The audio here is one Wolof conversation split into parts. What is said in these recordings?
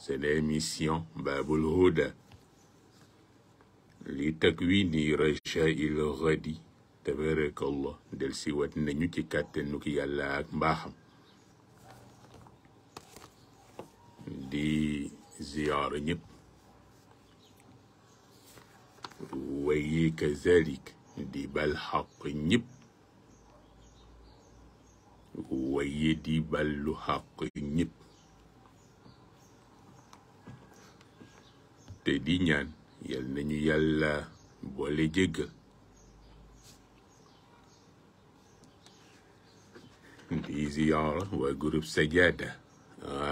C'est l'émission Babul Houda. li takwiini recha il radi tabarakallah del si wat ki ci kàttanu ki yàlla ak mbaaxam di ziyaara ñëpp ke zelik, di bal haq ñëpp wayi di bal lu haq ñëpp te di ñaan yal nañu yàlla boole jéggal di ziyaara waa groupe Sajada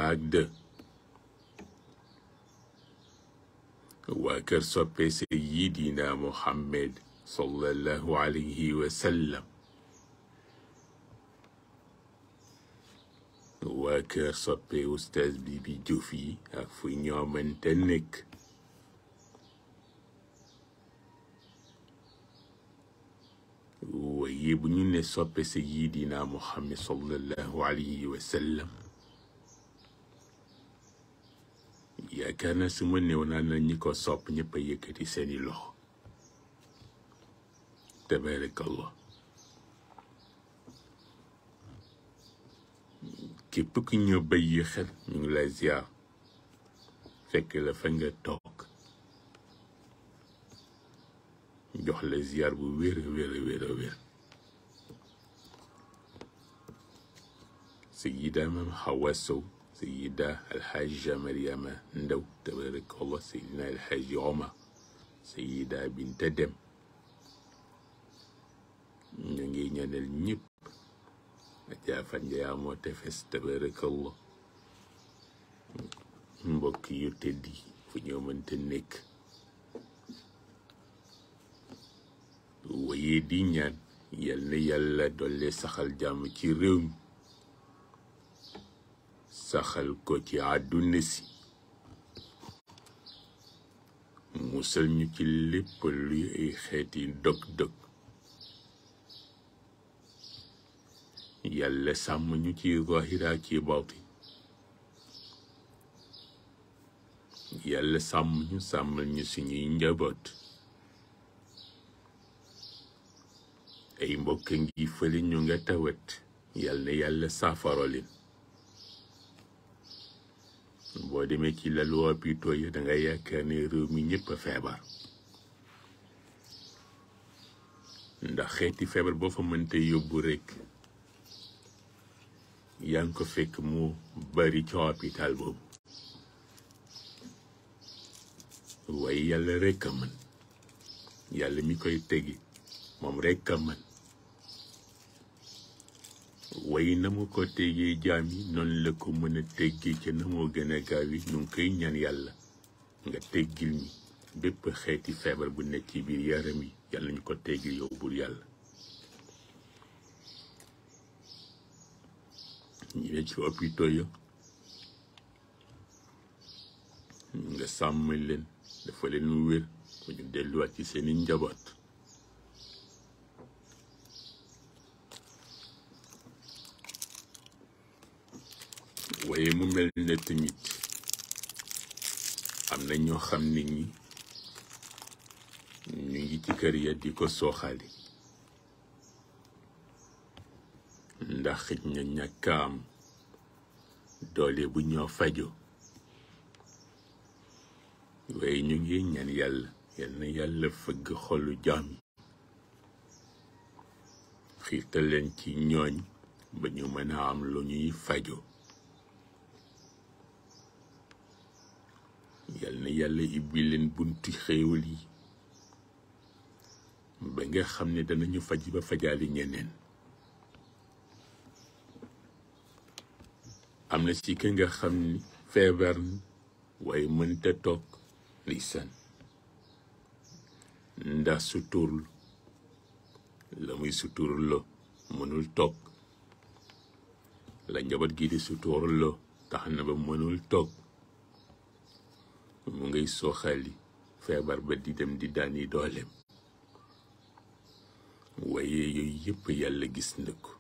ak dë waa kër soppe Sayyidina Muhammad sallallahu alayhi wa sallam waa kër soppe Oustaz Bibi Diouf yi ak fu ñoomante nekk waaye bu ñu ne soppe sayidina muhammad sallallahu alayhi wa sallam yaakaar naa su ma néew naa na ñi ko sop ñëpp a yëkkati seeni loxo tabarakallah képp ku ñu ngi lay ziar fekk la fa nga jox la ziar bu wér a wér a wér a wér alxaaja Mariama Ndaw tabarakallah sayidina alxaaji Omar sayida Binta Dem ñu ngi ñaanal ñëpp ajaa fanjaa moo tefes tabarakallah mbokk yu tëddi fu ñoo mënta nekk waye di ñaan yal na yàlla dolli saxal jàmm ci réew mi saxal ko ci àdduna si musal ñu ci lépp luy ay xeeti dog-dog yàlla sàmm ñu ci zahira ci baatin yàlla sàmm ñu sàmmal ñu suñuy njaboot ay mbokk ngi fële ñu nga tawat yàlla saafara leen boo demee ci lalu hôpitaux yi da nga ne réew mi ñëpp a feebar ndax xeeti feebar boo fa mënte yóbbu rekk yaa ngi ko fekk mu bari ca hôpital boobu waaye yàlla rek a mën yàlla mi koy tegi moom rek a mën way na mu ko teggee jaam yi noonu la ko mën a teggee ca na moo gën a gaaw yi ñu ngi koy ñaan yàlla nga teggil ñi bépp xeeti feebar bu nekk ci biir yaram yi yàlla ñu ko teggil yow bur yàlla ñu ne nga sàmm leen dafa leen wér ba ñu delluwaat ci seeni njaboot waaye mu mel ne tamit am na ñoo xam ne ñi ñu ngi ci kër ya di ko sooxali ndax xëj na ñàkk am doole bu ñoo fajo waaye ñu ngi ñaan yàlla yal na yàlla fëgg xolu jaam yi xiirtal leen ci ñooñ ba ñu mën a am lu ñuy fajo yal na yàlla ibbi leen bunti xéewal yi ba nga xam ne ñu faj ba fajaali ñeneen am na ci ka nga xam ni feebar na waaye mënta toog ndeysaan ndax suturlu la muy suturloo mënul toog la njabat gi di suturloo tax na ba mënul toog mu ngay soxali feebar ba di dem di daani dooleem waaye yooyu yëpp yàlla gis na ko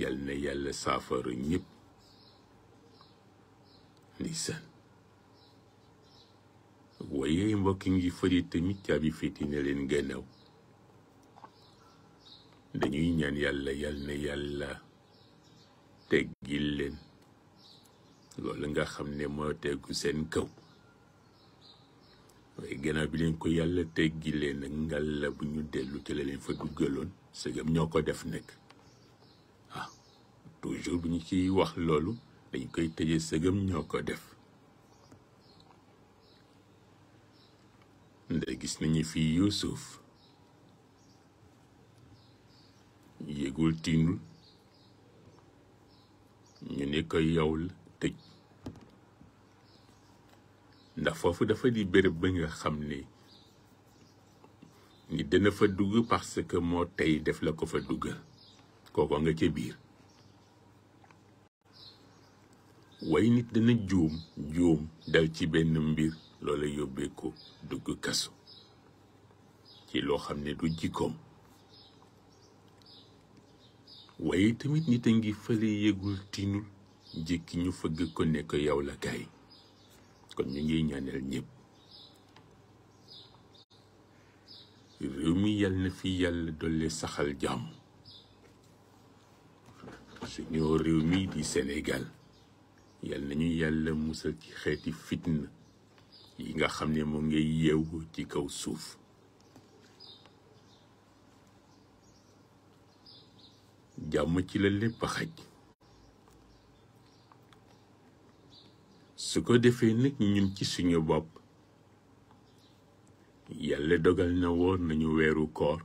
yal na yàlla saafara ñëpp waaye mbokk ngi fëri tamit caabi féeti na leen gannaaw dañuy ñaan yàlla yal na yàlla teggil leen loolu nga xam ne moo tegu seen kaw waaye gannaaw bi leen ko yàlla teggi leen nag la bu ñu dellu ci la leen fa duggaloon sëgam ñoo ko def nekk ah toujours bu ñu ciy wax loolu dañ koy tëje sëgam ñoo ko def ndax gis nañu fi Yuusuf yëgul tiinul ñu ne ko yow la tëj ndax foofu dafa di béréb ba nga xam ni ni dana fa dugg parce que moo tey def la ko fa dugg kooko nga ca biir waaye nit dana juum juum dal ci benn mbir loola yóbbee ko dugg kaso ci loo xam ne du jikkoom waaye tamit nit a ngi fële yëgul tiinul jékki ñu fëgg ko ne ko yow la kaay kon ñu ngi ñaanal ñëpp réew mi yàlla na fi yàlla dolli saxal jàmm suñu réew mii di Sénégal yàlla nañu yàlla musal ci xeeti fitna yi nga xam ne mu ngi yeewu ci kaw suuf jàmm ci la lépp xaj su ko defee nag ñun ci suñu bop yàlla dogal na woon nañu wéru koor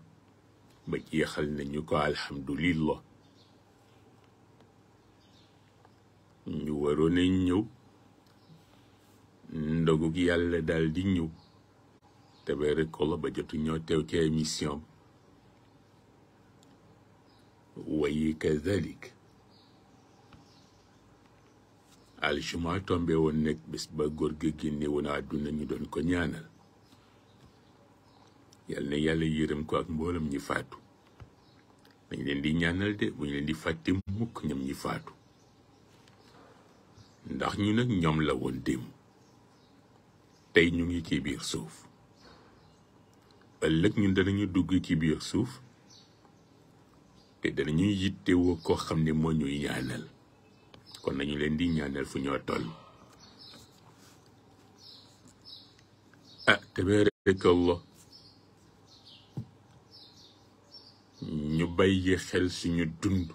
ba jeexal nañu ko alhamdullilah ñu waroon a ñëw gi yàlla dal di ñëw te weeru ko la ba jottu ñoo téw ci émission wayi kazalik aljuma tombe woon nekk bés ba góor gi génne woon àdduna ñu doon ko ñaanal yal na yàlla yërëm ko ak mboolam ñi faatu dañ leen di ñaanal de bu ñu leen di fàtte mukk ñoom ñi faatu ndax ñu nag ñoom la woon démb tey ñu ngi ci biir suuf ëllëg ñun ñu dugg ci biir suuf te danañuy yittewoo koo xam ne moo ñuy ñaanal kon nañu leen di ñaanal fu ñoo toll ah tabarakallah ñu bàyyi xel suñu dund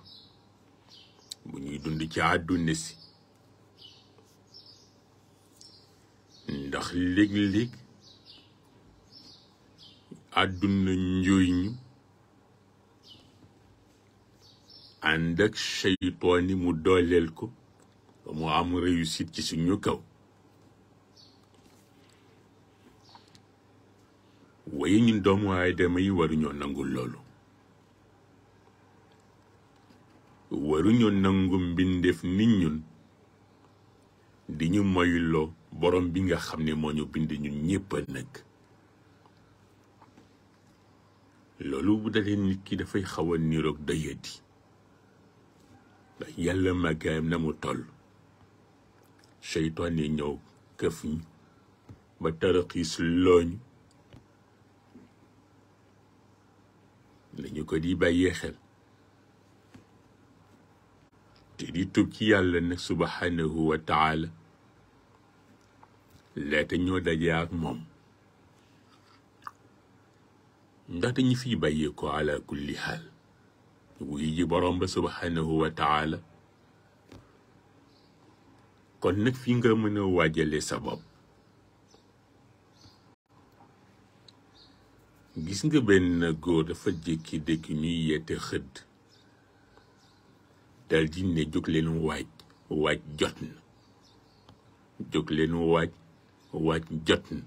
bu ñuy dund ci àdduna si ndax léeg-léeg àdduna njuy ñu ànd ak seytaani mu dooleel ko ba mu am réussite ci suñu kaw waaye ñun doomu aadama yi waruñoo nangul loolu waruñoo nangu mbindeef ni ñun di ñu moyuloo borom bi nga xam ne moo ñu bind ñun ñépp nag loolu bu dalee nit ki dafay xaw a niroog doyadi ndax yàlla màggaayam na mu toll شيطان نيو كفني ما ترقي سلون لنيو كدي بايخل تدي توكي على سبحانه وتعالى لا تنيو دجاك موم ndaxte ñi fiy bàyyi ko àlla kulli xaal wuyi ji kon nag fi nga mën waajale sa bopp gis nga benn góor dafa jékki dëkk ñuy yeete xëdd dal di ne jóg leen waaj waaj jot na jóg waaj waaj jot na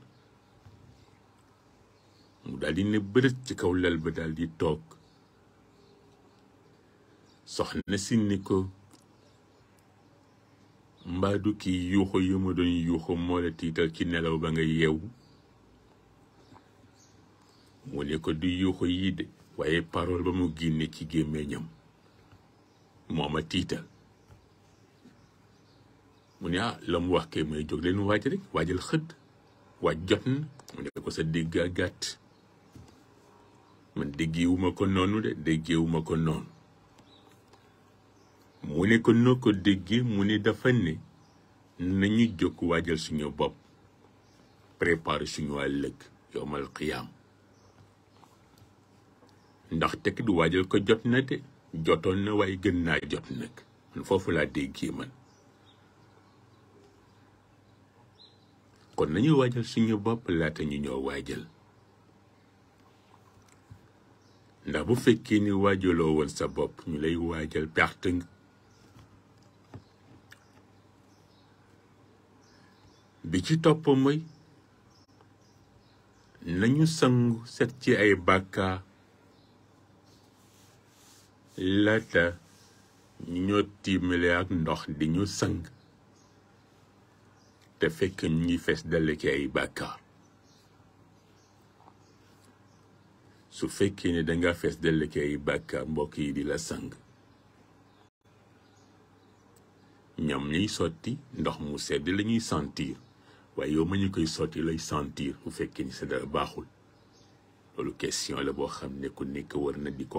mu daal ne bërët ci kaw lal ba daldi toog soxna si ni ko mbaa du kii yuuxu yi mu doon yuuxu moo la tiital ci nelaw ba nga yeewu mu ne ko du yuuxu yii de waaye parole ba mu génne ci gémmiñam moo ma tiital mu ne ah la mu wax kay may jóg leen waaj rek waajal xëdd waaj jot na mu ne ko sa dégg a gàtt man déggeewuma ko noonu de déggeewuma ko noonu mu ne ko noo ko déggee mu ne dafa ne nañu jóg waajal suñu bopp préparer suñu ëllëg yowmal xiyaam ndax tekk du waajal ko jot na de jotoon na waaye gën naa jot nag man foofu laa déggee man kon nañu waajal suñu bopp laata ñu ñoo waajal ndax bu fekkee ni waajaloo woon sa bopp ñu lay waajal perte nga bi ci topp mooy nañu sangu set ci ay bàkkaar laata ñu ñoo tiimale ak ndox di ñu sang te fekk ñu ngi fees dale ay bàkkaar su fekkee ne danga fees dale ci ay bàkkaar mbokk yi di la sang ñam ñuy sotti ndox mu sedd lañuy sentir waaye yow ma ñu koy sotti lay sentir bu fekkee ni sa dara baaxul loolu question la boo xam ku nekk war na di ko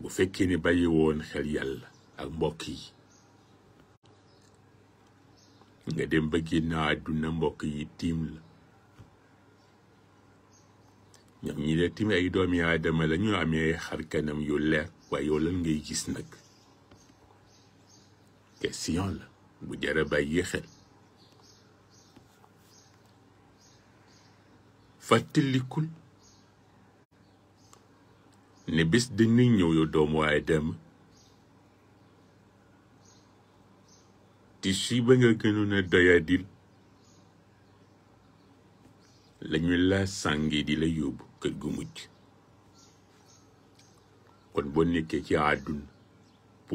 bu fekkee ni bàyyi woon xel yàlla ak mbokk yi nga dem ba ginnaaw àdduna mbokk yi tiim la ñoom ñi la tiim ay doomi aadama la ñu amee xar kanam yu leer waaye yow lan ngay gis nag question la bu jara bay xel fàttalikul ne bés dañuy ñëw yow doomu aadama ti si ba nga gënoon a doyadil lañu la sànge dila la yóbbu kër gu mujj kon boo nekkee ci àdduna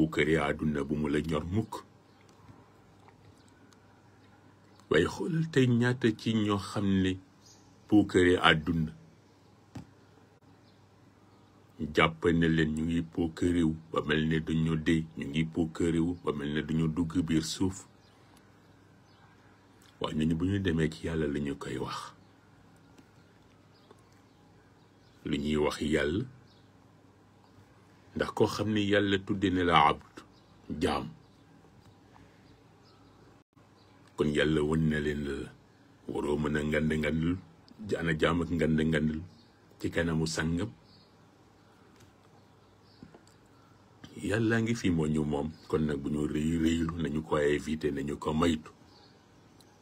puukare àdduna bu mu la ñor mukk waaye xoolal tey ñaata ci ñoo xam ne puukare àdduna jàpp ne leen ñu ngi puukarewu ba mel ne duñu dee ñu ngi puukarewu ba mel ne duñu dugg biir suuf waaye ñooñu bu ñu demee ci yàlla la koy wax lu ñuy wax yàlla ndax koo xam ne yàlla tudde la abd jaam kon yàlla won na leen waroo mën a ngand ngandul ana jaam ak ngand ngandul ci kanamu sàngam yàllaa ngi fi moo ñu moom kon nag bu ñu rëy rëylu nañu ko évité nañu ko maytu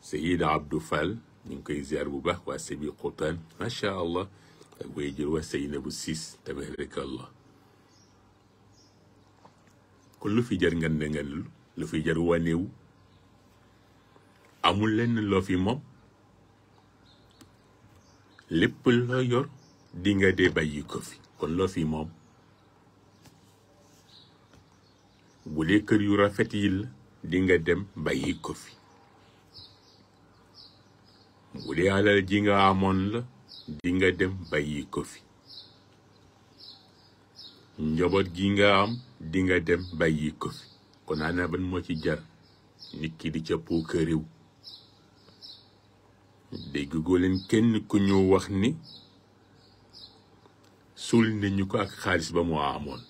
Seyid Abdou Fall ñu ngi koy ziar bu baax waa Sébi Xutaan macha allah ak way jël waa Seynabu Siis tabarakallah kon lu fi jar ngeen ne lu fi jar wanewu amul lenn loo fi moom lépp loo yor di nga dee bàyyi ko fi kon loo fi moom bu dee kër yu rafet yi la di nga dem bàyyi ko fi bu dee alal ji nga amoon la di nga dem bàyyi kofi njaboot gi nga am di nga dem bàyyi ko fi kon ana moo ci jar nit ki di ca puukariw dégg goo leen kenn ku ñu wax ni suul nañu ko ak xaalis ba moo amoon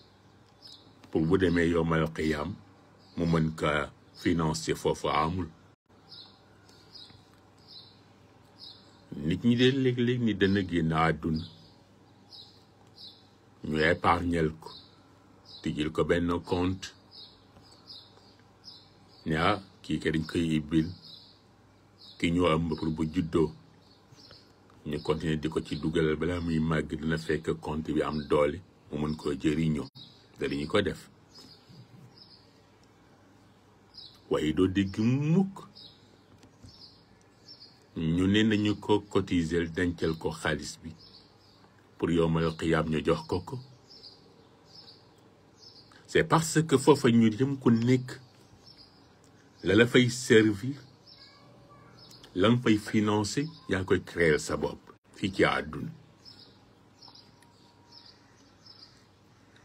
pour bu demee yomal qiyaam mu mën ka financer foofu amul nit ñi de léeg-léeg ni dana génn àdduna ñu épargnel ko tijjil ko benn compte ñaa ah, kii ke dañ koy ibbil ki ñoo am pour bu juddoo ñu continuer di ko ci dugalal balaa muy màgg dina fekk compte bi am doole mu mën koo jëriñoo danañu ko def waaye doo dégg mukk ñu ne nañu ko cotiser dencal ko xaalis bi pour yow yowmal xiyaam ñu jox ko ko c'est parce que foofa ñu jëm ko nekk la la fay servir la nga fay financer yaa koy créer sa bopp fii ci àdduna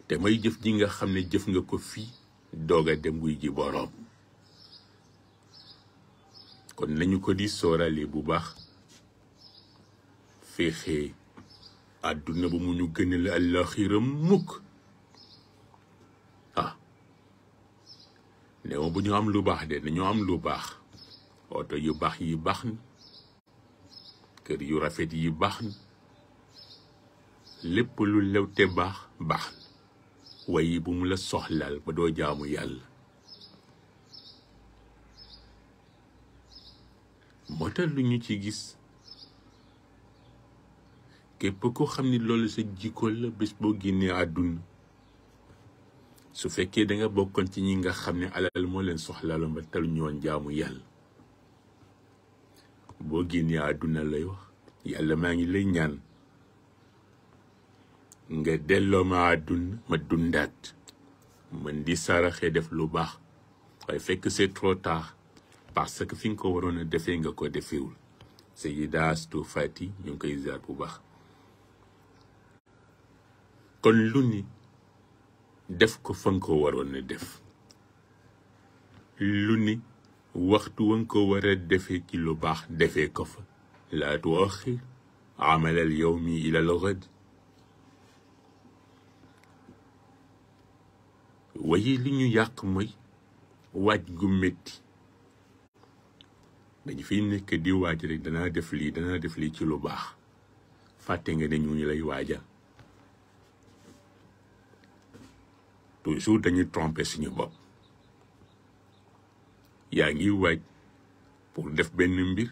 te may jëf ji nga xam ne jëf nga ko fii doog a dem guy ji boroom kon nañu ko di sóorale bu baax fexe àdduna ba mu ñu gënal àllaaxira mukk ah néew bu ñu am lu baax de nañu am lu baax oto yu baax yi baax na kër yu rafet yi baax na lépp lu lew te baax baax na waaye bu mu la soxlaal ba doo jaamu yàlla moo tax lu ñu ci gis képp ku xam ni loolu sa jikko la bés boo génnee àdduna su fekkee da nga bokkoon ci ñi nga xam ne alal moo leen soxlaalo ba tal ñoon jaamu yàlla boo génnee àdduna lay wax yàlla maa ngi lay ñaan nga delloo ma àdduna ma dundaat mën di saraxe def lu baax waaye fekk c'est trop tard parce que fi nga ko waroon a defee nga ko defewul Seyida Astou Fati ñu ngi koy ziar bu baax kon lu ni def ko fa nga ko waroon a def lu ni waxtu wa nga ko war a defee ci lu baax defee ko fa laa tuaxir amal al yawmi ila al ghad waaye li ñu yàq mooy waaj gu metti dañu fiy nekk di waaj rek danaa def lii danaa def lii ci lu baax fàtte nga ne ñu ngi lay waaja toujours dañuy tromper suñu bopp yaa ngi waaj pour def benn mbir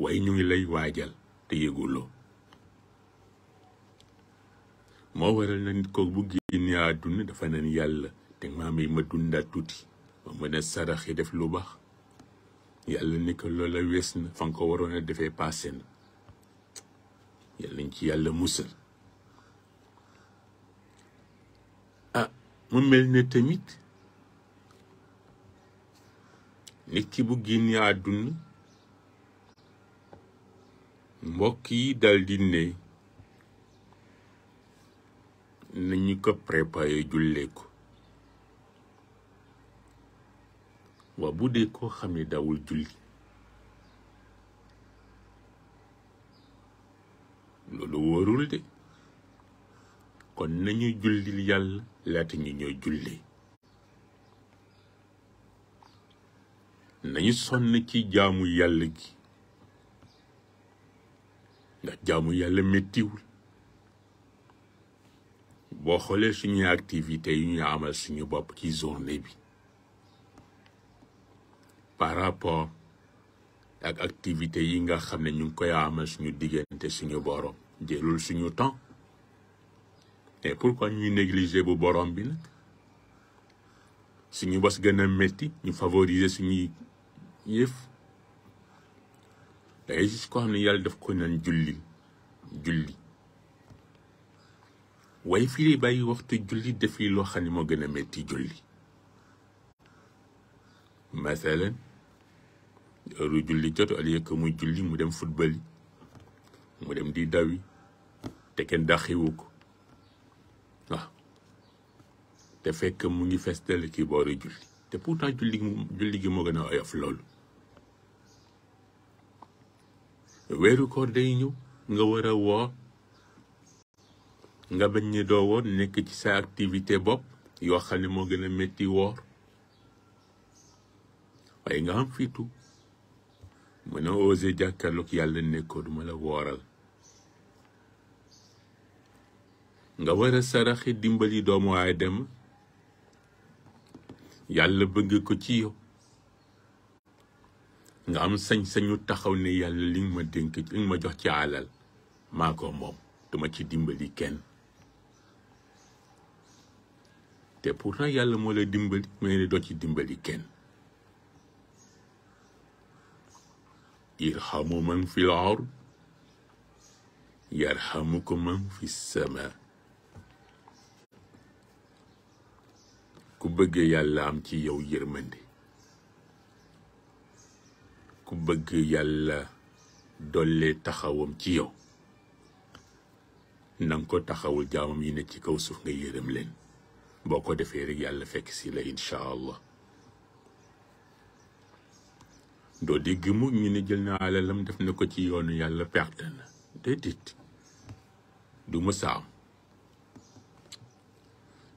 waaye ñu ngi lay waajal te yëguloo moo waral na nit kooku bu génnee àdduna dafa naan yàlla te maa may ma dundaat tuuti ma mën a saraxe def lu baax yàlla ni ko a wees na fa ko waroon a defee passé na yàlla nañ ci yàlla musal mu mel ne tamit nit ki bu génnee àdduna mbokk yi daldi ne nañu ko préparé jullee ko waa bu dee koo xam ne daawul julli loolu wóorul de kon nañu jullil yàlla laata ñu ñoo julli nañu sonn ci jaamu yàlla gi ndax jaamu yàlla méttiwul boo xoolee suñuy activité yu ñu amal suñu bopp ci journée bi par rapport ak activité yi nga xam ne ñu ngi koy amal suñu diggante suñu boroom jëlul suñu temps et pourquoi nous négliger bu borom bi nag suñu bos gën a métti ñu favoriser suñuy yëf dangay gis koo xam ne yàlla daf ko naan julli julli waaye fii lay bàyyi waxtu julli defi loo xam ne moo gën a métti julli mathalan heure julli jot au lieu que muy julli mu dem football yi mu dem di dawi te kenn daxiwu ko te fekk mu ngi festel ci boori julli te pourtant julli julli gi moo gën a oyof loolu weeru koor day ñëw nga war a woor nga bañ ni doo woor nekk ci sa activité bopp yoo xam ne moo gën a metti woor waaye nga am fitu mën a osé jàkkaarloog yàlla nekkoo duma la wooral nga war a saraxi dimbali doomu dem yàlla bëgg ko ci yow nga am sañ-sañu taxaw ne yàlla li nga ma dénk li nga ma jox ci alal mako mom duma ci dimbali kenn te pourtant yàlla mo lay dimbali nga ne do ci dimbali kenn irhamu man fi l ard yarhamukum man fi samaa ku bëgg yàlla am ci yow yërmande ku bëgg yàlla dollee taxawam ci yow nan ko taxawul jaamam yi ne ci kaw suuf nga yërëm leen boo ko defee rek yàlla fekk si la incha allah doo dégg mu ñu ne jël na alalam def na ko ci yoonu yàlla perte na déedéet du saam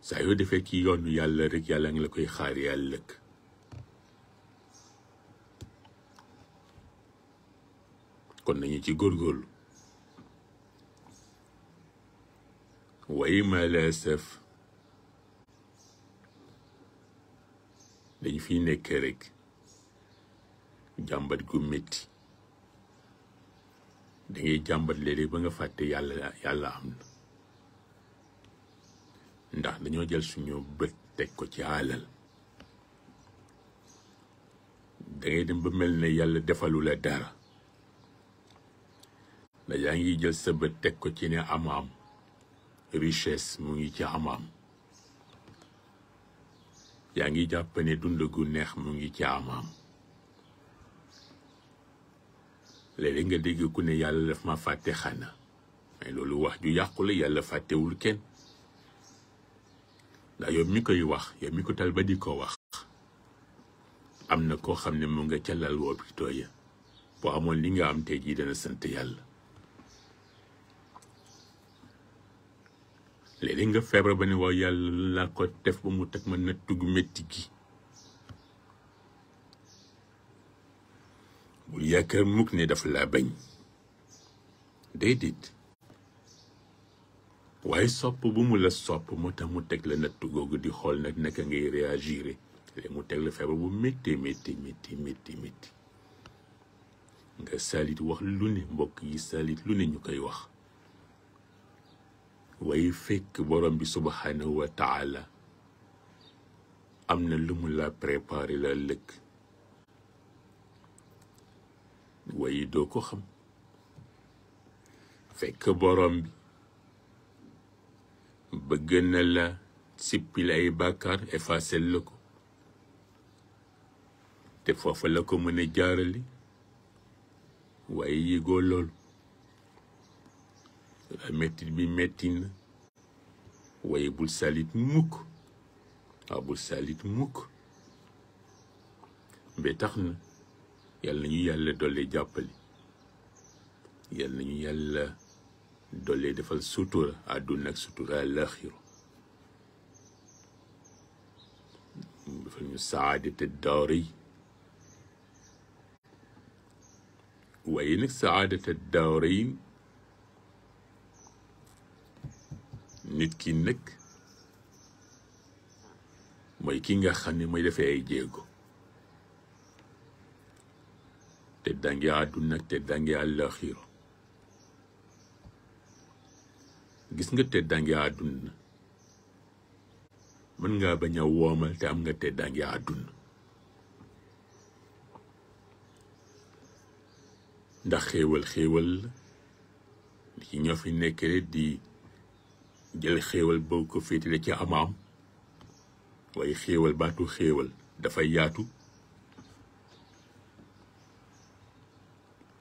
saa yoo defee ci yoonu yàlla rek yàlla ngi la koy xaar yàlla lëkk kon nañu ci góorgóorlu waaye malasaf dañu fiy nekkee rek jàmbat ku métti da jàmbat léeg ba nga fàtte yàlla yàlla am na ndax dañoo jël suñu bët teg ko ci alal dangay dem ba mel ne yàlla defalu la dara ndax yaa ngi jël sa bët teg ko ci ne amaam richesse mu ngi ci amaam yaa ngi jàpp ne dund gu neex mu ngi ci amaam léeg-léeg nga dégg ku ne yàlla daf ma fàtte xana mais loolu wax ju yàqu yàlla fàttewul kenn ndax yow mi koy wax yow mi ko tal ba di ko wax am na koo xam ne mu nga ca lal hôpital ya boo amoon li nga am tey jii dana sant yàlla léeg-léeg nga feebar ba ne waaw yàlla laa ko def ba mu teg ma nattu gu métti gi bul yaakaar mukk ne dafa laa bañ déedéet waaye sop bu mu la sop moo tax mu tek la net googu di xol nak naka ngay réagir le mu tek le feebar bu métti métti métti métti métti nga salit wax lu ne mbokk yi salit lu ne ñu wax waaye fekk borom bi subhanahu wa taala amna lu mu la préparer la lëkk waaye do ko xam fekk borom bi bëgg na la sippil ay bàkkaar effacel la ko te foofa la ko mën a jaarali waaye yëgoo loolu mettit bi metti na waaye bul salit mukk waaw bul salit mukk ba tax na yàlla na ñu yàlla dolli jàppale yàlla na ñu yàlla dolli defal sutura àdduna ak sutura laaxiru defal ñu saadate daari waaye nag saadate daari nit ki nag mooy ki nga xam ne mooy defee ay jéego te dange àdduna ak te gis nga teddaange àdduna mën ngaa bañ a woomal te am nga teddaange àdduna ndax xéewal xéewal la ci ñoo fi nekk di jël xéewal boo ko féetale ci amaam waaye xéewal baatu xéewal dafay yaatu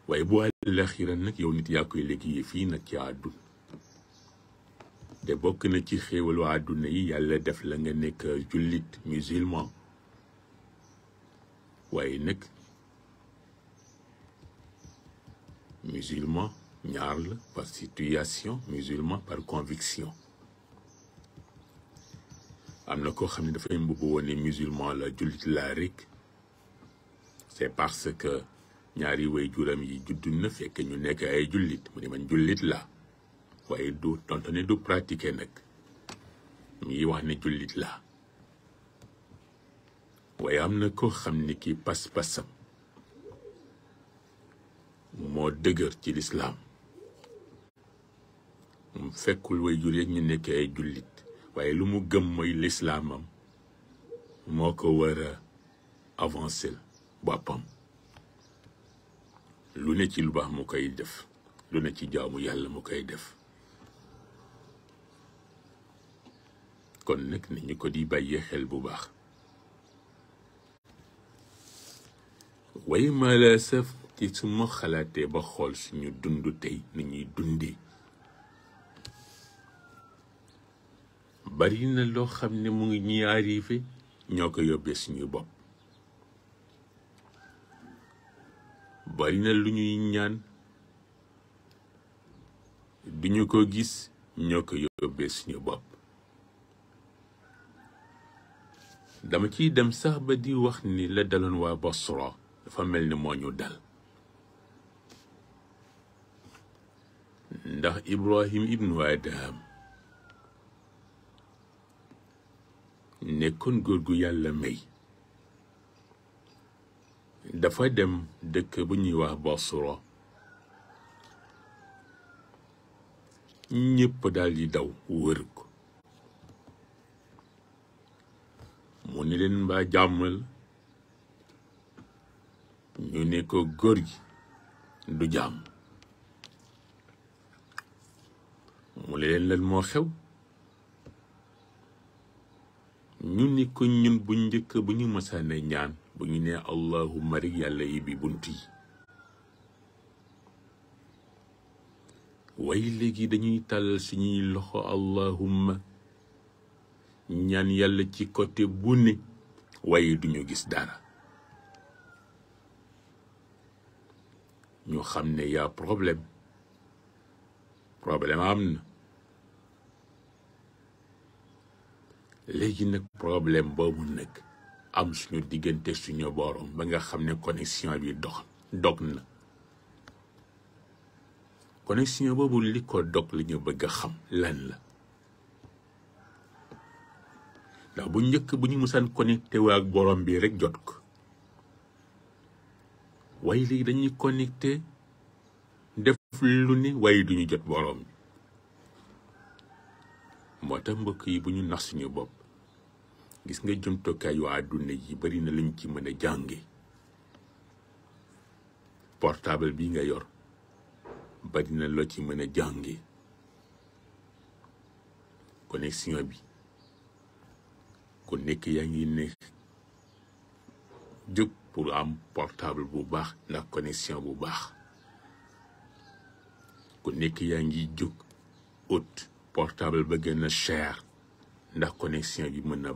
waaye bu àllaxira nag yow nit yaa koy liggéey fii nag ci àdduna de bokk na ci xéewalu àdduna yi yalla def la nga nek jullit musulman waaye nek musulman ñaar la par situation musulman par conviction amna ko xamni da fay dafay mbubbu musulman la jullit la rek c'est parce que ñaari way juram yi juddu na fekk ñu nek ay jullit mune man jullit la waaye du tontu du pratiquer nag mu wax ne jullit laa waaye am na koo xam ni kii pas-pasam moo dëgër ci lislaam mu fekkul way jur ñu nekk ay jullit waaye lu mu gëm mooy lislaamam moo ko war a avancé boppam lu ne ci lu baax mu koy def lu ne ci jaamu yàlla mu koy def kon nag nañu ko di bàyyi xel bu baax waaye maa la saf ci suma xalaatee ba xool suñu dund tey ni ñuy dundee bari na loo xam ne mu ngi ñuy arrivé ñoo ko yóbbee suñu bopp bari lu ñuy ñaan duñu ko gis ñoo ko yóbbee suñu bopp dama ciy dem sax ba di wax ni la daloon waa Basra dafa mel ni moo ñu dal ndax Ibrahim ibnu Adham nekkoon góor gu yàlla may dafa dem dëkk bu ñuy wax Basra ñëpp daal di daw wër ko mu ni leen mbaa jàmm la ñu ne ko góor gi du jàmm mu leen lan moo xew ñu ni ko ñun bu njëkk bu ñu mësaane ñaan bu ñu nee allahumma rek yàlla yi bi bunt yi waaye léegi dañuy tàllal suñuy loxo allahumma ñaan yàlla ci côté bu ni waaye duñu gis dara ñu xam ne yaa problème problème am na léegi nag problème boobu nag am suñu diggante suñu borom ba nga xam ne connexion bi dox dog na connexion boobu li ko dog la bëgg xam lan la ndax bu njëkk bu ñu mësaan connecté waa ak borom bii rek jot ko waaye léegi dañuy connecté def lu ne waaye duñu jot borom bi moo tax mbokk yi bu ñu nax suñu bopp gis nga jumtukaay yu àdduna yi bari na luñ ci mën a jànge portable bi nga yor bari na loo ci mën a jànge connexion bi ku nekk ya ngi ne pour am portable bu la connexion bu baax ku nekk ya ngi portable cher la connexion bi mën na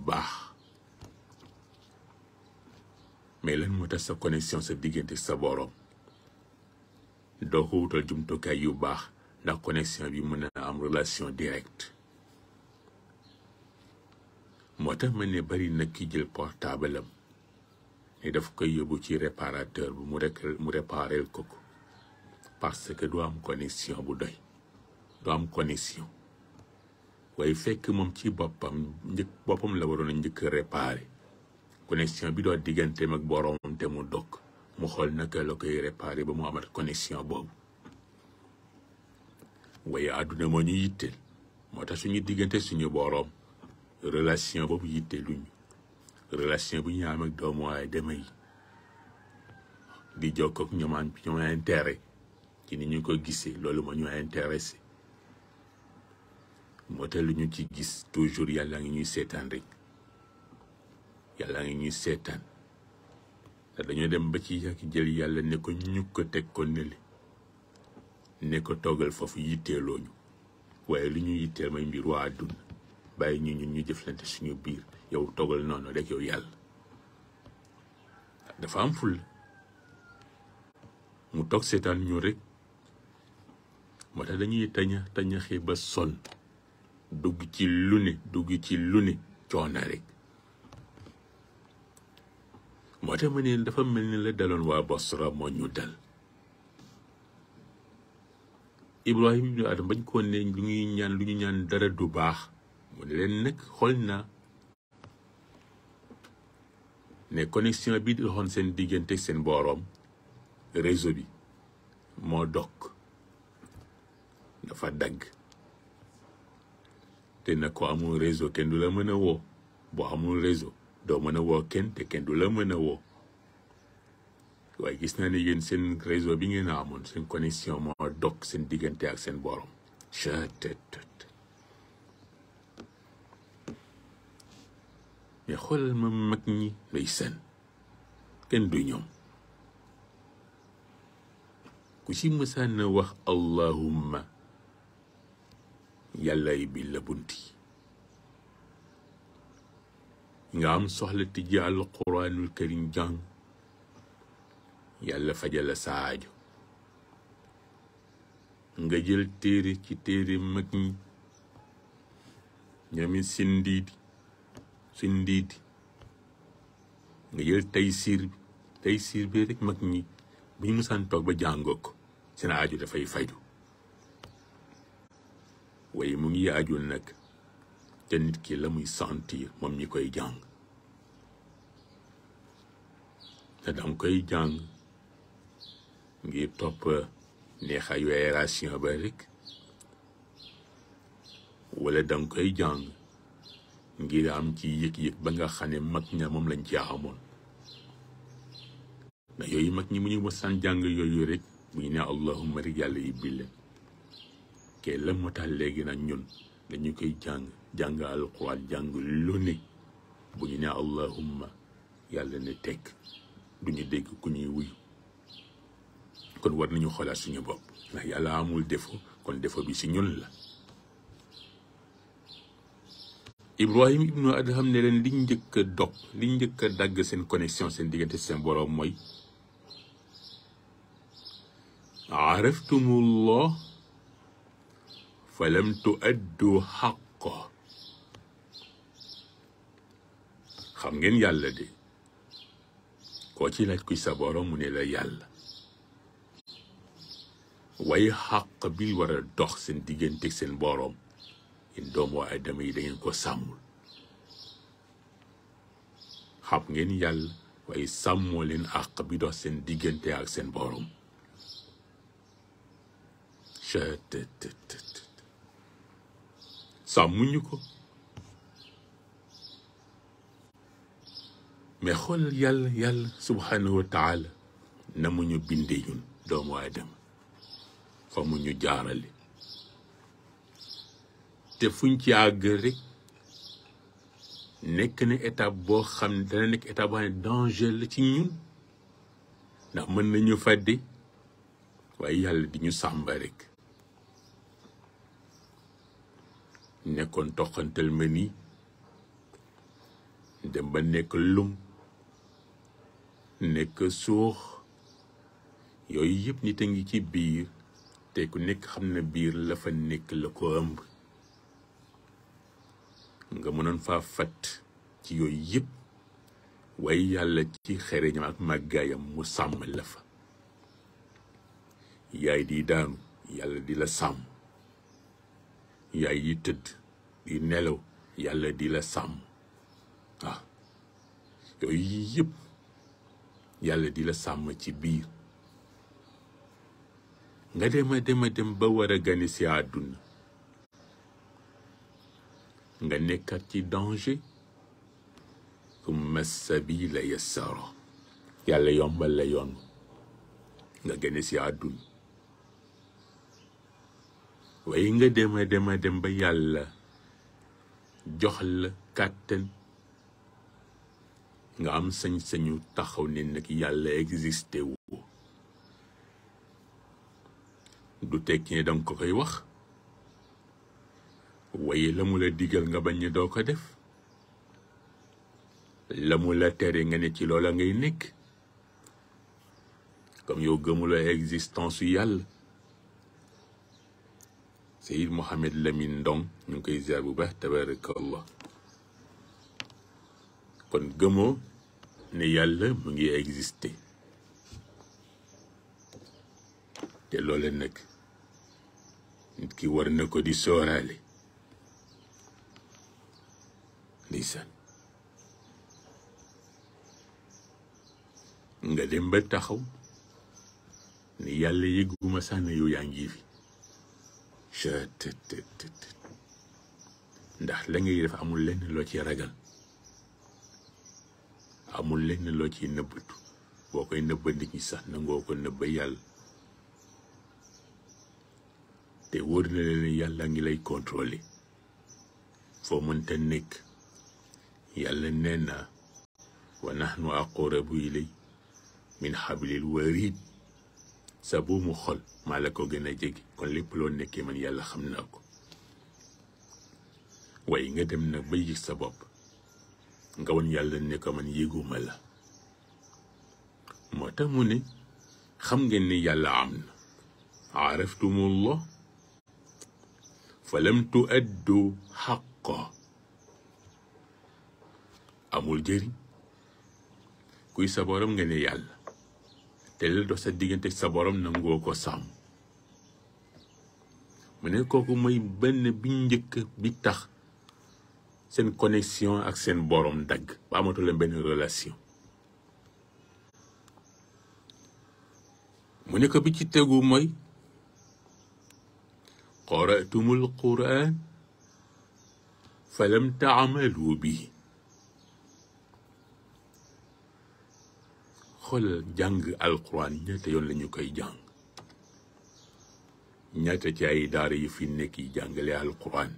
mais l'un sa connexion sa diggante sa borom doo ko wutal jumtukaay yu de connexion bi mën na am relation directe moo tax ma ne bari na ki jël portable am ne daf koy yóbbu ci réparateur bi mu rekk mu réparel ko ko parce que du am connexion bu doy du am connexion waaye fekk moom ci boppam njëkk boppam la waroon a njëkk réparé connexion bi doo digganteem ak boroomam te mu dokk mu xool naka la koy réparé ba mu amat connexion boobu waaye àdduna moo ñu yitteel moo tax suñu diggante suñu boroom relation boobu yitteeluñu relation bu ñu am ak doomu aadama yi di jokkoo ak ñoom ñoo intérêt ci ni ñu ko gisee loolu moo ñu intéressé moo tax lu ñu ci gis toujours yàlla ngi ñuy seetaan rek yàlla ngi ñuy seetaan ndax dañoo dem ba ci yàgg jël yàlla ne ko ñu ko teg ko nele ne ko toggal foofu yitteelooñu waaye lu ñu yitteel may mbiru àdduna bàyyi ñu ñun ñu jëflante suñu biir yow toggal noonu rek yow yàlla dafa am ful mu toog seetaan ñu rek moo tax dañuy tañax tañaxee ba sonn dugg ci dugg ci lu ne ma ne dafa mel ni la daloon waa Basra moo ñu dal Ibrahim ibnu Adam bañ ko ne lu ñuy ñaan lu ñu ñaan dara du baax mu ne leen nag xool naa ne connexion bi di doxoon seen diggante seen booroom réseau bi moo dog dafa dagg te na ko amul réseau kenn du la mën a woo boo amul réseau doo mën a woo kenn te kenn du la mën a woo waaye gis naa ne yéen seen réseau bi ngeen a amoon seen connexion moo dog seen diggante ak seen boroom. mais xolal ma mag ñi lay seen kenn du ñoom ku ci mësaan na wax allahumma yàlla yi bi la bunti nga am soxla ti tijji quranul karim jàng yàlla fajala saajo nga jël téere ci téere mag ñi ñami sindiidi suñ ndiiti nga jël tey siir bi tey bi rek mag ñi bu musaan toog ba jàngoo ko seen aju dafay faju waaye mu ngi aju nag te la muy sentir moom ñi koy jàng te danga koy jàng ngir topp neexaayu aération ba rek wala danga koy jàng ngir am ci yek yek ba nga xane mak mag ña moom lañ ci xamoon na yoy mag ñi mu ñu jang yoy yooyu rek muy ne allahumma rijal yàlla yi bille kee la moo tax léegi ñun dañu koy jang alquran jang lu ne bu ñu ne allahumma yalla ne du ñu deg ku ñuy wuy kon war nañu xolaat suñu bop na yalla amul defo kon defo bi si ñun la Ibrahim Ibn Adham ne len liñ njëkk a dog liñ njëkk a dagg connexion sen digënté sen borom moy araftumullah falam tuaddu haqqo xam ngeen yàlla de ko ci laaj kuy sa borom mu ne la yàlla way haqq bil wara dox sen digënté sen borom yéen doomu yi dangeen ko sàmmul xam ngeen yàlla waaye sàmmoo leen àq bi dox seen diggante ak seen borom sàmmuñu ko mais xool yàlla yàlla subhanahu wa na mu ñu bindee ñun doomu aadama fa mu ñu jaarale te fuñ ci àgg rek nekk na étape boo xam dana nekk étape boo xam ne danger la ci ñun ndax mën nañu fàddi waaye yàlla di ñu sàmba rek nekkoon toqantal ma nii dem ba nekk lum nekk suux yooyu yëpp nit a ngi ci biir te ku nekk xam na biir la fa nekk la ko ëmb nga mënoon faa fat ci yooyu yëpp waaye yàlla ci xereñam ak màggaayam mu sàmm la fa yaay di daanu yàlla di la sàmm yaay yi tëdd di nelaw yàlla di la sàmm ah yooyu yëpp yàlla di la sàmm ci biir nga dema dema dem ba war a gane si àdduna nga nekkat ci danger summa sabila yassara yàlla yombal la yoon nga génne si àdduna waaye nga dema dema dem ba yàlla jox la kàttan nga am sañ-sañu taxaw ne nag yàlla existé wu du tekki ne danga ko koy wax waaye la mu la digal nga bañ ni doo ko def la mu la tere nga ne ci loola ngay nekk comme yow gëmuloo existence yu yàlla Seyid Mohamed Lamine Ndong ñu ngi koy ziar bu baax tabarakallah kon gëmoo ne yàlla mu ngi exister te loola nag nit ki war na ko di sooraale ndeysaan nga dem ba taxaw ni yàlla yëgguma sax na yaa ngi fi ndax la ngay def amul lenn loo ci ragal amul lenn loo ci nëbbatu boo koy nëbba nit ñi sax ko nëbba yàlla te wóor leen yàlla ngi lay contrôler foo mënta nekk يلا ننا ونحن أقرب إليه من حبل الوريد sabu mu xol maa la ko gën a jege kon lépp loo nekkee man yàlla xam naa ko waaye nga dem nag ba yëg sa bopp nga won yàlla ne ko man yëguma la moo tax mu ne xam ngeen ne yàlla am na araftumullah falam tuaddu xaqa amul jëriñ kuy sa borom nga ne yàlla te li dox sa diggante sa borom nangoo ko sàmm mu ne kooku mooy benn bi njëkk bi tax seen connexion ak seen borom dagg ba amatu leen benn relasion mu ne ko bi ci tegu mooy qaratumul quran falam taamalu bi xoolal jàng alquran ñaata yoon koy jàng ñaata ci yu fi nekk yi jàngale alquran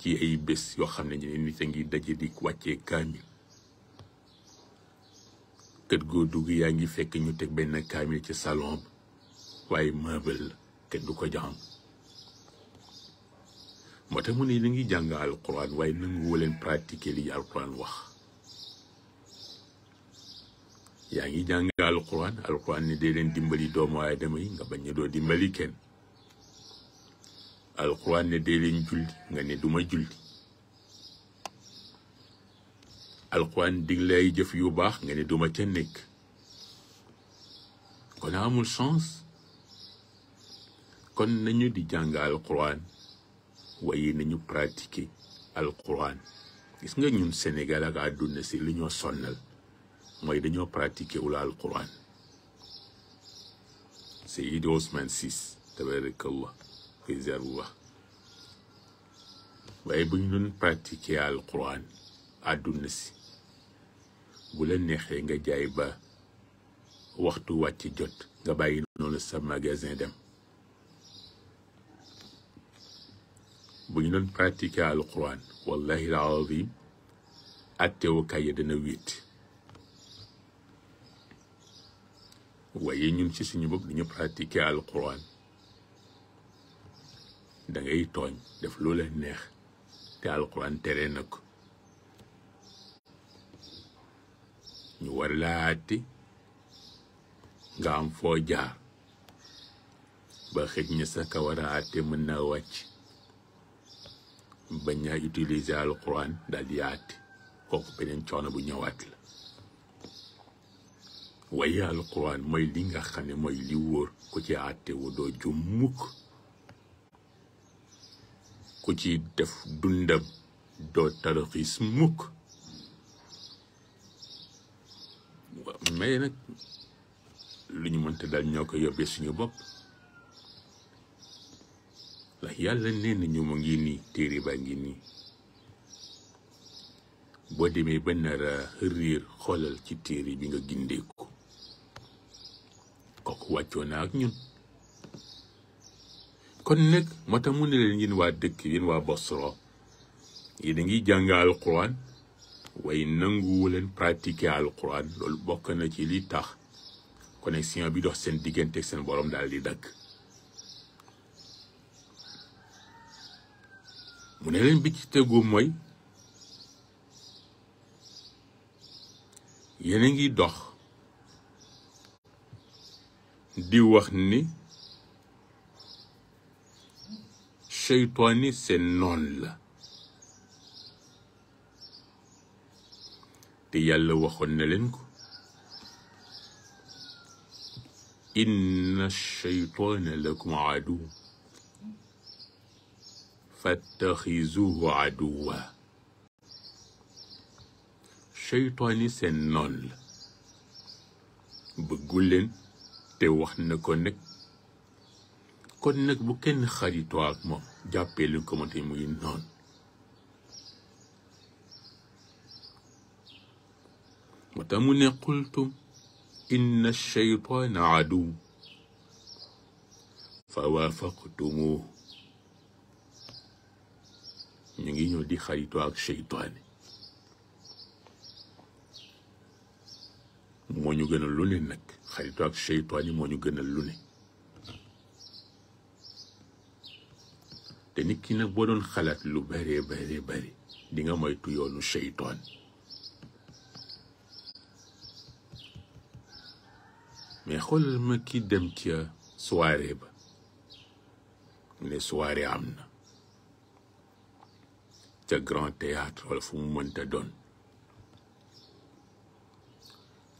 ci ay bés yoo xam ne ñu a ngi daje di wàccee kaamil kër goo dugg yaa ngi fekk ñu teg benn kaamil ci salon bi waaye meuble la kenn du ko jàng moo tax mu ne da ngi jàng alquran waaye nangu leen pratiquer li alquran wax yaa ngi jàng alquran alquran ni dee leen dimbali doom aadama yi nga bañ ne doo dimbali kenn alquran ne dee leen julli nga ne duma julli alquran dig lay jëf yu baax nga ne duma ca nekk kon amul sens kon nañu di jàng alquran waaye nañu pratiquer alquran gis nga ñun Sénégal ak àdduna si lu ñoo sonnal mooy dañoo pratiquer wula al quran Seydi Ousmane Sis tabarakallah bu baax waaye bu ñu doon pratiquer al quran àdduna si bu la neexee nga jaay ba waxtu wàcc jot nga bàyyi noonu sa magasin dem bu ñu doon pratiquer al quran wallahi al azim attewukaay ya dana wéet waaye ñun ci suñu bopp dañu pratiquer alquran da dangay tooñ def loo la neex te alquran tere na ñu war laa àtte nga am foo jaar ba xëj na sax ka war a àtte mën naa wàcc ba naa utiliser alquran daal di àtte kooku beneen coono bu ñëwaat la. waaye alquran mooy li nga xam ne mooy li wóor ku ci àtte wu doo ju mukk ku ci def dundam doo taraxiis mukk mais nag lu ñu mënta daal ñoo ko yóbbee suñu bopp ndax yàlla nee na ñu ngi nii téere baa ngi nii boo demee ba nara réer xoolal ci téere bi nga gindeeku kooku wàccoo na ak ñun kon nag moo mu ne leen yéen waa dëkk yéen waa Bosra yéen a ngi jàng alquran waaye nanguwu leen pratiquer alquran loolu bokk na ci li tax connexion bi dox seen diggante ak seen borom daal di dagg. mu ne leen bi ci tegu mooy yéen a ngi dox. di wax ni seytaani seen noon la te yàlla waxoon na leen ko inna seytaana lakum adu fattaxizuhu aduwa seytaani seen noon la bëggul leen te wax na ko nag kon nag bu kenn xaritoo ak moom jàppee lu ko mënte muy noonu moo tax mu ne qultum inna shaytaana aduw fa waafaqtumuuh ñu ngi ñëw di xaritoo ak seytaane moo ñu gën a lu ne nag xaritoo ak seytaan yi moo ñu gënal lu ne te nit ki nag boo doon xalaat lu bëree bëri bëri di nga moytu yoonu seytaan mais xoolal ma ki dem ca soirée ba mu ne soirée am na ca grand théâtre wala fu mu mënta doon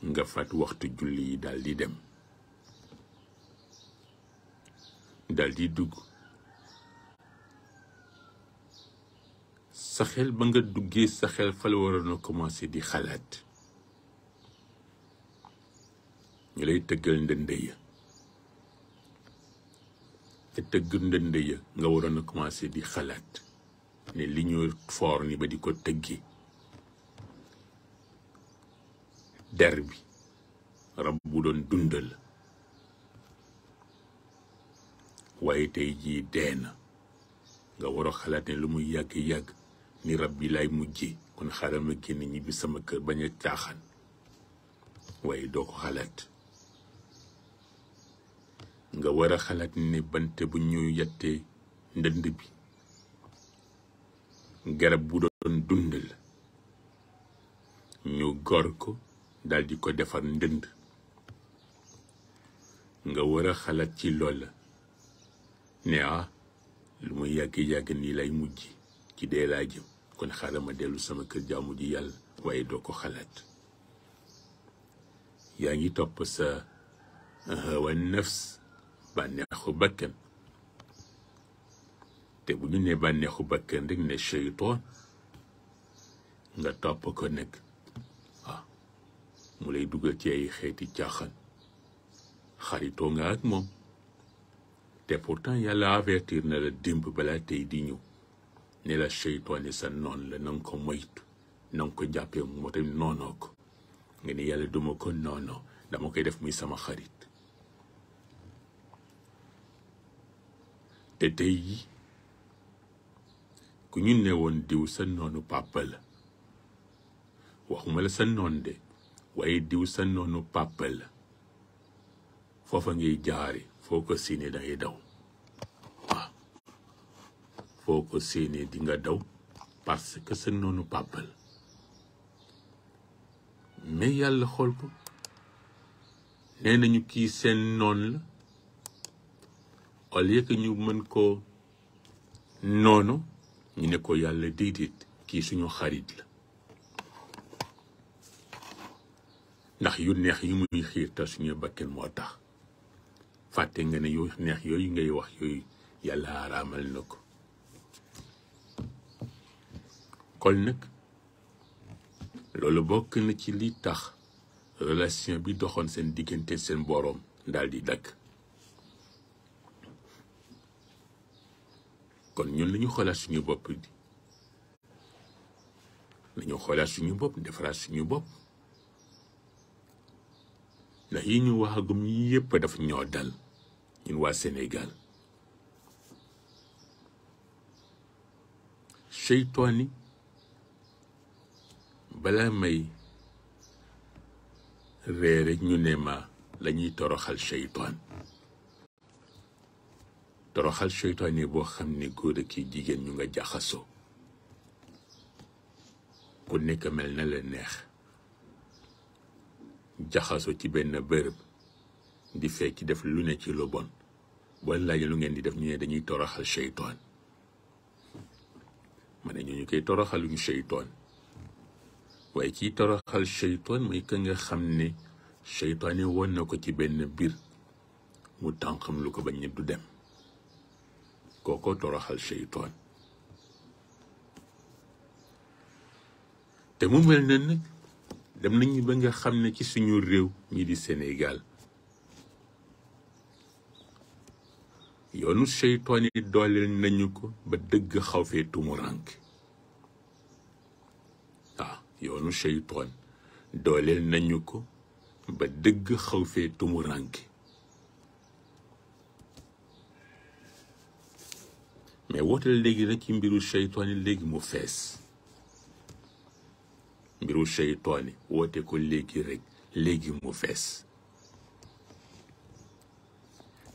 nga fat waxtu julli yi dal di dem daldi dugg sa xel ba nga duggee sa xel fa la waroon a commencé di xalaat ñu lay tëggal ndënd ya te tëgg ndënd nga waroon a commencé di xalaat ne li ñu foor ni ba di ko tëggee der bi rab bu doon dundal waaye tey jii dee na nga war a xalaat ne lu mu yàgg-yàgg ni rab bi lay mujjee kon xaaral ma génn ñibbi sama kër bañ a caaxaan waaye doo ko xalaat nga war a xalaat ne bant bu ñu yattee ndënd bi garab bu doon dundal ñu gor ko daal di ko defar ndënd nga war a xalaat ci loola ne ah lu ma yàgg-yàgg nii lay mujj ci dee laa jëm kon xaaral ma dellu sama kër jaamu ji yàlla waaye doo ko xalaat yaa ngi topp sa hawa uh, nafs bànneexu bakkan te bu ñu ne bànneexu bakkan rek ne seytaan nga topp ko nekk mu lay dugal ci ay xeeti caaxaan xaritoo nga ak moom te pourtant yàlla avertir na la dimb balaa tey di ñëw ne la seytaane sa noon la na ko moytu na ko jàppee moo tamit noonoo nga ne yàlla duma ko noonoo dama koy def muy sama xarit te tey ku ñu ne woon diw sa noonu pàppa la waxuma la sa noon de waaye diw sa noonu pàppa la foofa ngay jaari foo ko séene dangay daw waaw foo ko séene di daw parce que sa noonu pàppa la mais yàlla xool ko nee nañu kii seen noon la au lieu ñu mën ko noonu ñu ne ko yàlla déedéet kii suñu xarit la ndax yu neex yi muy xiir te suñu bakkel moo tax fàtte nga ne yu neex yooyu ngay wax yooyu yàlla araamal na ko kon nag loolu bokk na ci li tax relation bi doxoon seen diggante seen boroom daal di dagg kon ñun lañu xoolaat suñu bopp di lañu xoolaat suñu bopp defaraat suñu bopp ndax yi ñu wax waxagum yépp dafa ñoo dal ñun waa Sénégal seytaani bala may ree rek ñu ne ma lañuy toroxal seytaan toroxal seytaan yi boo xam ne góor ak jigéen ñu nga jaxasoo ku nekk mel na la neex jaxaso ci benn bërëb di fekki def lu ne ci lu bon booy laaj lu ngeen di def ñu ne dañuy toroxal seytaan ma ne ñooñu koy toroxaluñu seytaan waaye kiy toroxal seytaan mooy ka nga xam ne seytaane woon na ko ci benn biir mu tànqam lu ko ba ne du dem kooko toroxal seytaan te mu mel ne nag dem nañu ba nga xam ne ci suñu réew mi di Sénégal yoonu seytaane dooleel nañu ko ba dëgg xaw fee tumurank ah, yoonu seytaane dooleel nañu ko ba dëgg xaw fee tumurank mais woote léegi rek ci mbiru seytaane léegi mu fees mbiru seytaane woote ko léegi rek léegi mu fees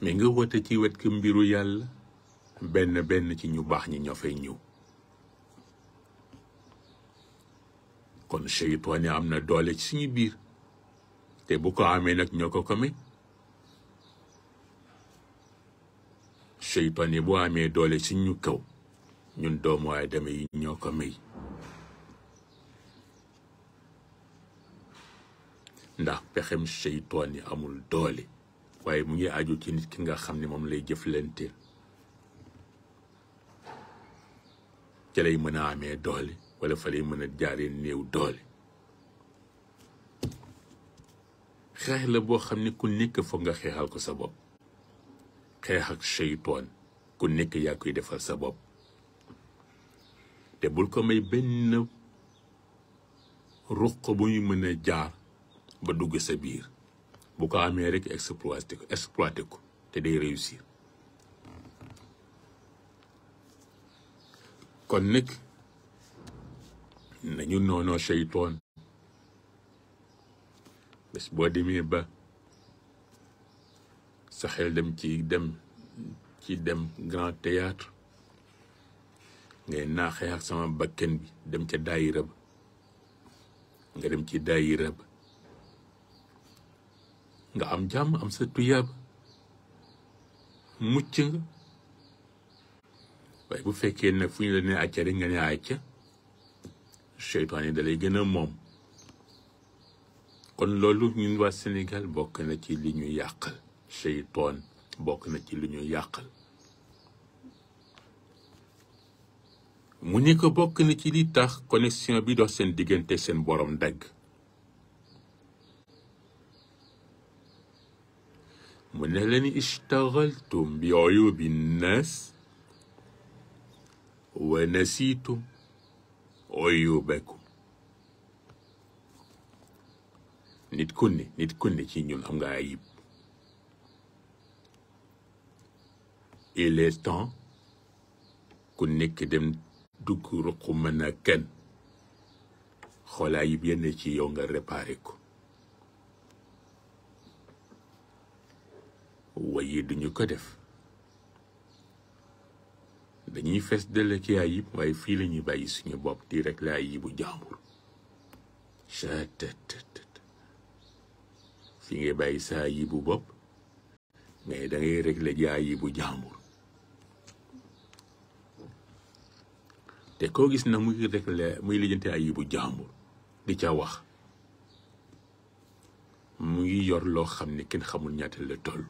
mais nga woote ci wet ki mbiru yàlla benn benn ci ñu baax ñi ñoo fay ñëw kon seytaane am na doole ci suñu biir te bu ko amee nag ñoo ko ko may seytaane bu amee doole ci ñu kaw ñun doomu aadama yi ñoo ko may ndax pexem seytaan yi amul doole waaye mu ngi aju ci nit ki nga xam ne moom lay jëflanteel ca lay mën a amee doole walla fa lay mën a jaaree néew doole xeex la boo xam ne ku nekk foog nga xeexal ko sa bopp xeex ak seytaan ku nekk yaa koy defal sa bopp te bul ko may benn ruq bu ñu mën a jaar ba dugg sa biir bu ko amee rek exploité ko exploité ko te day réussir kon nag nañu noono seytoon bés boo demee ba sa xel dem ci dem ci dem grand théâtre ngay naaxee ak sama bakken bi dem ca daayira ba nga dem ci daayira ba nga am jàmm am sa tuyaaba mucc nga waaye bu fekkee nag fu ñu la ne acca rek nga ne acca seytaane da lay gën a moom kon loolu ñun waa Sénégal bokk na ci li ñu yàqal seytaan bokk na ci li ñu yàqal mu ne ko bokk na ci li tax connexion bi dox seen diggante seen borom dagg من الذي اشتغلتم بعيوب الناس ونسيتم عيوبكم نتكن نتكن كينيون أمغا عيب إلي تان كن دم دكو رقو منا كن خلا عيب ينكي يونغا ريباريكو waaye duñu ko def dañuy fes dële ci waaye fii lañuy ñuy bàyyi suñu bopp di rek la ay yibu jàmbur cttt fi sa ay yibu bopp mais da ngay te koo gis na muy rek la muy lijjante ay yibu jàmbur di ca wax mu ngi yor loo xam ne kenn xamul ñaata la toll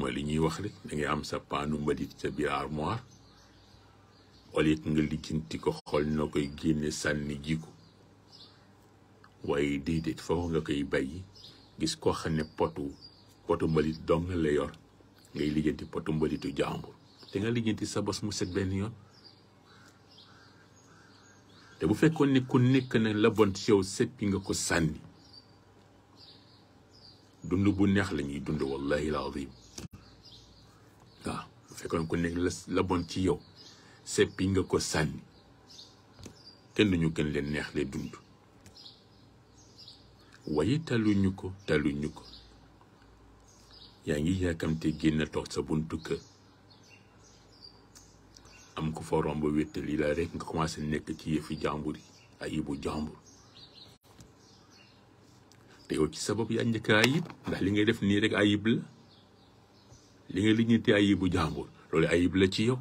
mooy li ñuy wax rek da ngay am sa panu mbalit sa biir armoire wala nga lijjanti ko xol no koy génne sànni ji ko waaye déedéet foofu nga koy bàyyi gis ko xane potu potu mbalit dong la yor ngay lijjanti potu mbalitu jàmbur te nga lijjanti sa bos mu set benn yoon te bu fekkoon ne ku nekk na la bon ci yow bi nga ko sànni dund bu neex la ñuy dund wallahi alazim waaw bu fekkoon ku nekk la bon ci yow seppi nga ko sànni kenn ñu gën leen neex le dund waaye taluñu ko taluñu ko yaa ngi yàkkamte génn toog sa buntu kër am ko fa romb wéttali la rek nga commencé nekk ci yëfi jàmbur yi ayibu jàmbur te yow ci sabab yaa njëkk ayib ndax li ngay def nii rek ayib la li nga lijjanti ayibu jàmbur loolu ayib la ci yow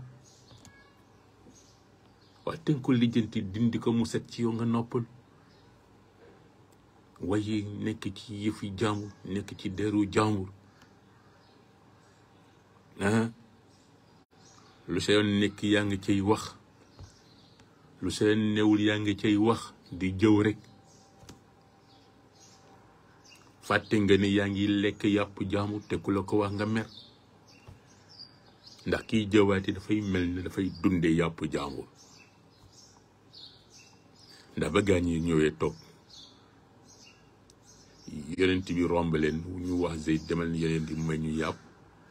waaye te nga ko lijjanti dindi ko mu set ci yow nga noppal waaye nekk ci yëfi jàmbur nekk ci deru jàmbur ah? lu sa yoon yaa ngi cay wax lu sa yoon newul yaa ngi cay wax di jëw rek fàtte nga ne yaa ngi lekk yàpp jàmbur te ku la ko wax nga mer ndax kiy jëwaate dafay mel ni dafay dunde yàpp jàmbur ndax ba ñu ñëwee toog yonent bi romb leen ñu wax Zeyd demal ni yonent bi may ñu yàpp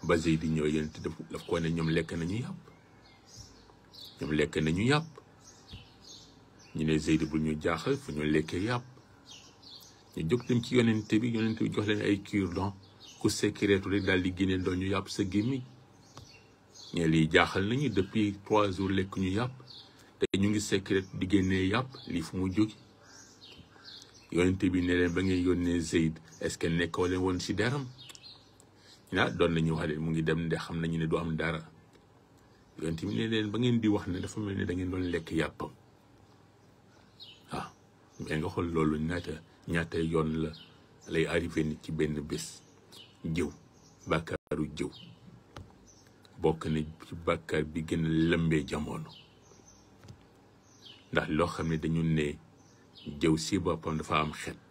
ba Zeyd di ñëw yonent daf ko ne ñoom lekk nañu yàpp ñoom lekk ñu yàpp ñu ne Zeyd bu ñu jaaxal fu ñu lekkee yàpp ñu jóg dem ci yonent bi yonent bi jox leen ay cure-dents ku sekkireetu rek daal di génne doon ñu yàpp sa gémmiñ mais lii jaaxal nañu depuis trois jours lekk ñu yàpp te ñu ngi secret di génnee yàpp lii fu mu jóge yonent bi ne leen ba ngeen yónnee Zayd est-ce nekkoo leen woon si deram ah doon nañu wax de mu ngi dem de xam nañu ne du am dara yonent bi ne leen ba ngeen di wax ne dafa mel ne da ngeen doon lekk yàppam ah mais nga xool loolu ñaata ñaata yoon la lay arrivé nit ci benn bés jiw bàkkaaru jiw bokk na ci bàkkaar bi gën a lëmbee jamono ndax loo xam ne dañu ne jëw si boppam dafa am xet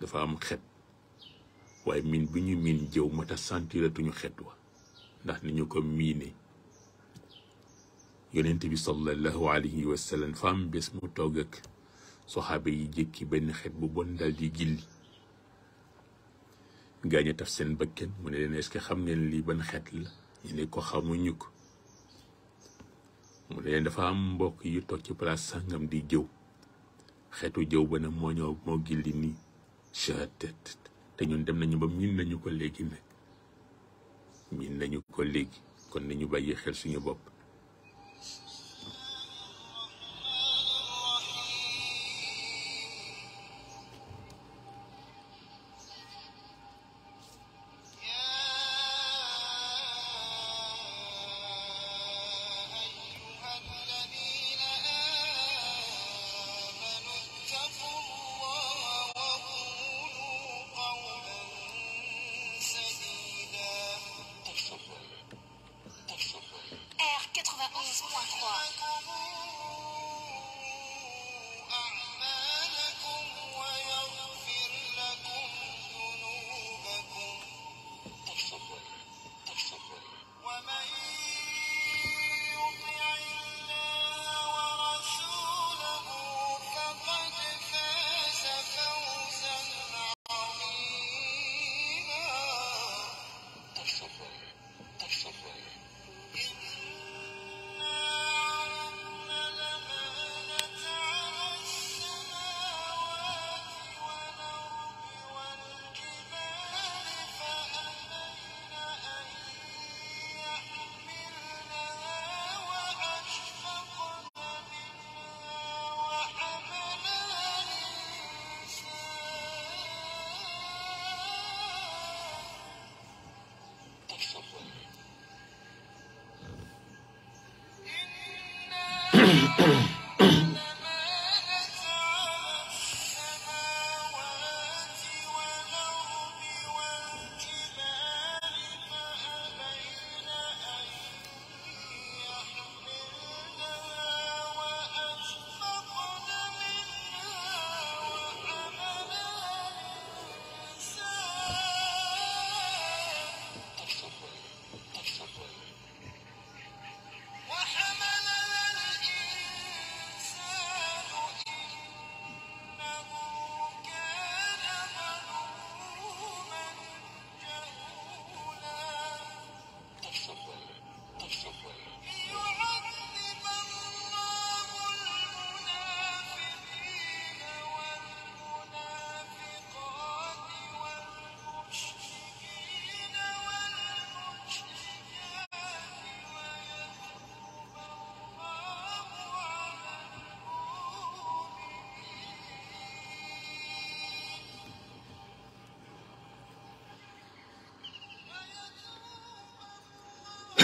dafa am xet waaye miin bu ñu miin jëw moo tax sentiratuñu xet wa ndax ni ñu ko miine yonent bi sallallahu alayhi wa sallam fa am bés mu togg ak soxaaba yi jékki benn xet bu bon dal di gilli gaa ñi taf seen bëkken mu ne leen est xam ngeen lii ban xeet la ñu ne ko xamuñu ko mu ne leen dafa am mbokk yu toog ci place sangam di jëw xeetu jëw ba ne moo ñëw moo gilli nii chatet te ñun dem nañu ba miin nañu ko léegi nag miin nañu ko léegi kon nañu bàyyi xel suñu bopp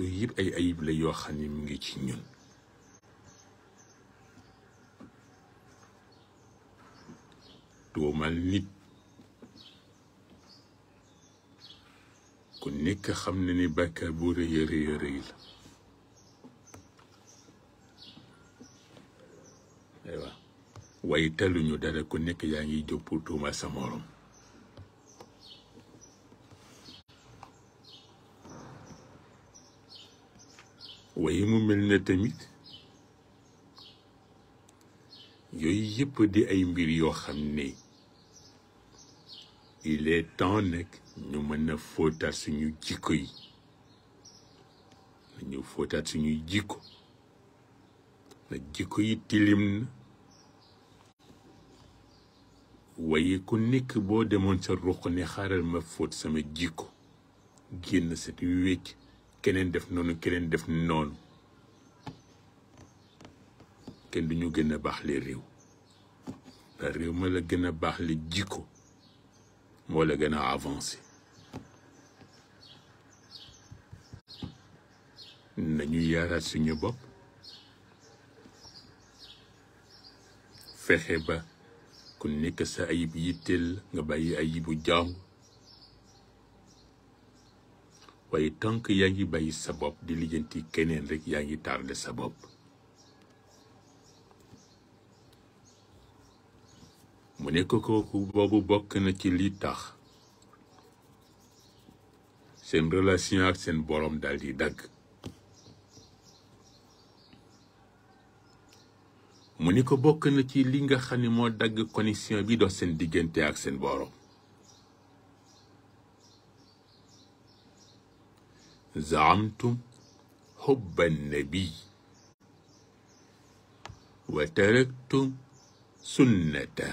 yooyu yëpp ay ayib la yoo xam ne mu ngi ci ñun tuumal nit ku nekk xam na ni bàkkaar bu rëy a rëy a rëy la aywa dara ku nekk yaa ngi jóg pour tuumal sa morom yi mu mel na tamit yooyu yëpp di ay mbir yoo xam ne il est temps nag ñu mën na fóotaat suñu jikko yi ñu fóotaat suñuy jikko nag jikko yi tilim na waaye ku nekk boo demoon sa ruq ne xaaral ma foot sama jikko génn set wecc keneen def noonu keneen def noonu kenn du ñu gën a baax le réew ndax réew ma la gën a baax le jikko moo la gën a avancé nañu yaaraat suñu bopp fexe ba ku nekk sa ayib yitteel nga bàyyi ayibu jàmm waaye tànk yaa ngi bàyyi sa bopp di lijjanti keneen rek yaa ngi tardé sa bopp mu nekk kooku boobu bokk na ci li tax seen relation ak seen boroom dal di dagg mu ni ko bokk na ci li nga xam ne moo dagg connexion bi dox seen diggante ak seen borom zaamtum xubba nabi wa taraktum sunnata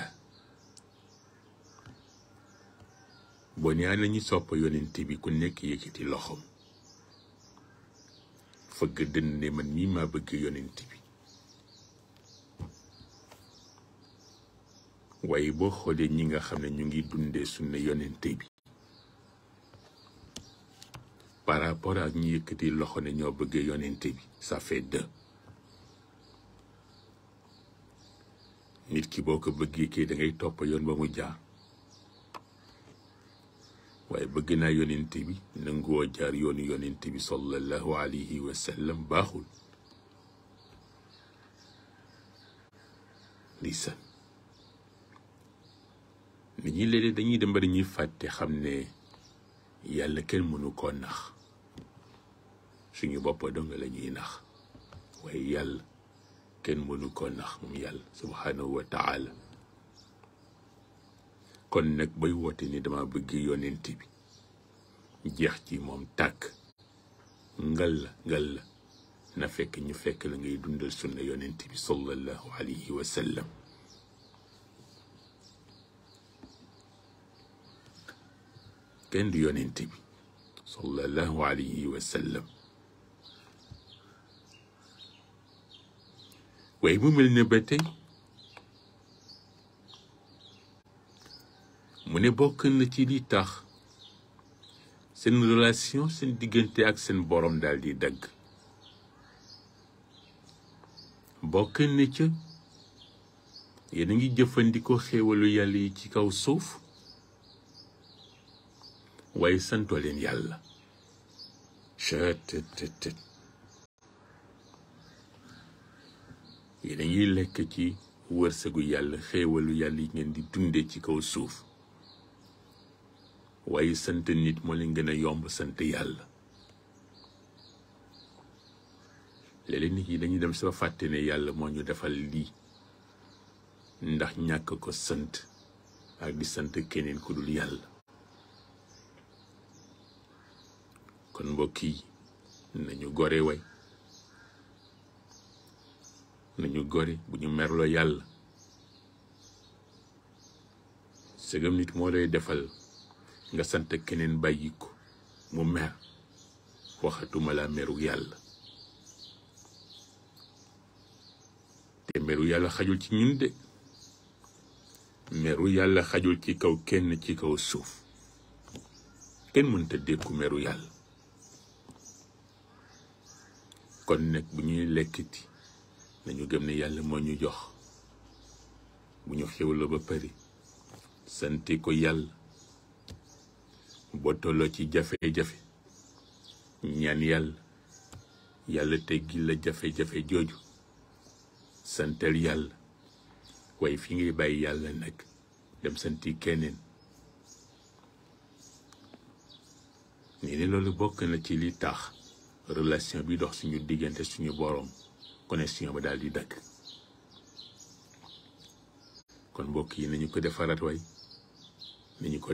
boo ñaar lañu sopp yonent bi ku nekk yëkkati loxoom fëgg dënn ne man mii maa bëgg yonent bi waaye boo xoolee ñi nga xam ne ñu ngi dundee sunna yonent bi par rapport yëkkati loxo ne ñoo bëgg yonent bi ça fait deux nit ki boo ko bëggee kii dangay topp yoon ba mu jaar waaye bëgg naa yonent bi nangoo jaar yoonu yonent bi sallallahu alayhi wa sallam baaxul ndeysaan nit ñi léeg-léeg dañuy dem ba dañuy fàtte xam ne yàlla kenn mënu koo nax suñu bopp dong la ñuy nax waaye yàlla kenn mënu koo nax moom yàlla subhanahu wa taala kon nak bay woote ni dama bëgg yonenti bi jeex ci mom tak ngal ngal na fekk ñu fekk la ngay dundal sunna yonenti bi sallallahu alayhi wa sallam kenn du yonenti bi sallallahu alayhi wa sallam way bu mel ne mu ne bokk na ci li tax seen relation seen diggante ak seen boroom dal di dagg bokk na ca yéen a ngi jëfandikoo xéewalu yàlla yi ci kaw suuf waaye santo leen yàlla cttt ngi lekk ci wërsëgu yàlla xéewalu yàlla yi ngeen di dunde ci kaw suuf waaye sant nit moo leen gën a yomb sant yàlla léeg-léeg nit yi dañuy dem sa fàtte ne yàlla moo ñu defal lii ndax ñàkk ko sant ak di sant keneen ku dul yàlla kon mbokk yi nañu gore way nañu gore bu ñu merloo yàlla sëgam nit moo lay defal nga sant keneen bàyyi ko mu mer waxatuma la meru yàlla te meru yàlla xajul ci ñun de meru yàlla xajul ci kaw kenn ci kaw suuf kenn mënta dékku meru yàlla kon nag bu ñuy lekkiti nañu gëm ne yàlla moo ñu jox bu ñu xewloo ba pari sante ko yàlla bo tolo ci jafe-jafe ñaan yalla yalla teggi la jafe-jafe joju santal yalla way fi ngi bay yalla nag dem santi kenen ni ni lolu bok na ci li tax relation bi dox suñu digënté suñu borom connexion ba dal di kon mbokk yi nañu ko defaraat way nañu ko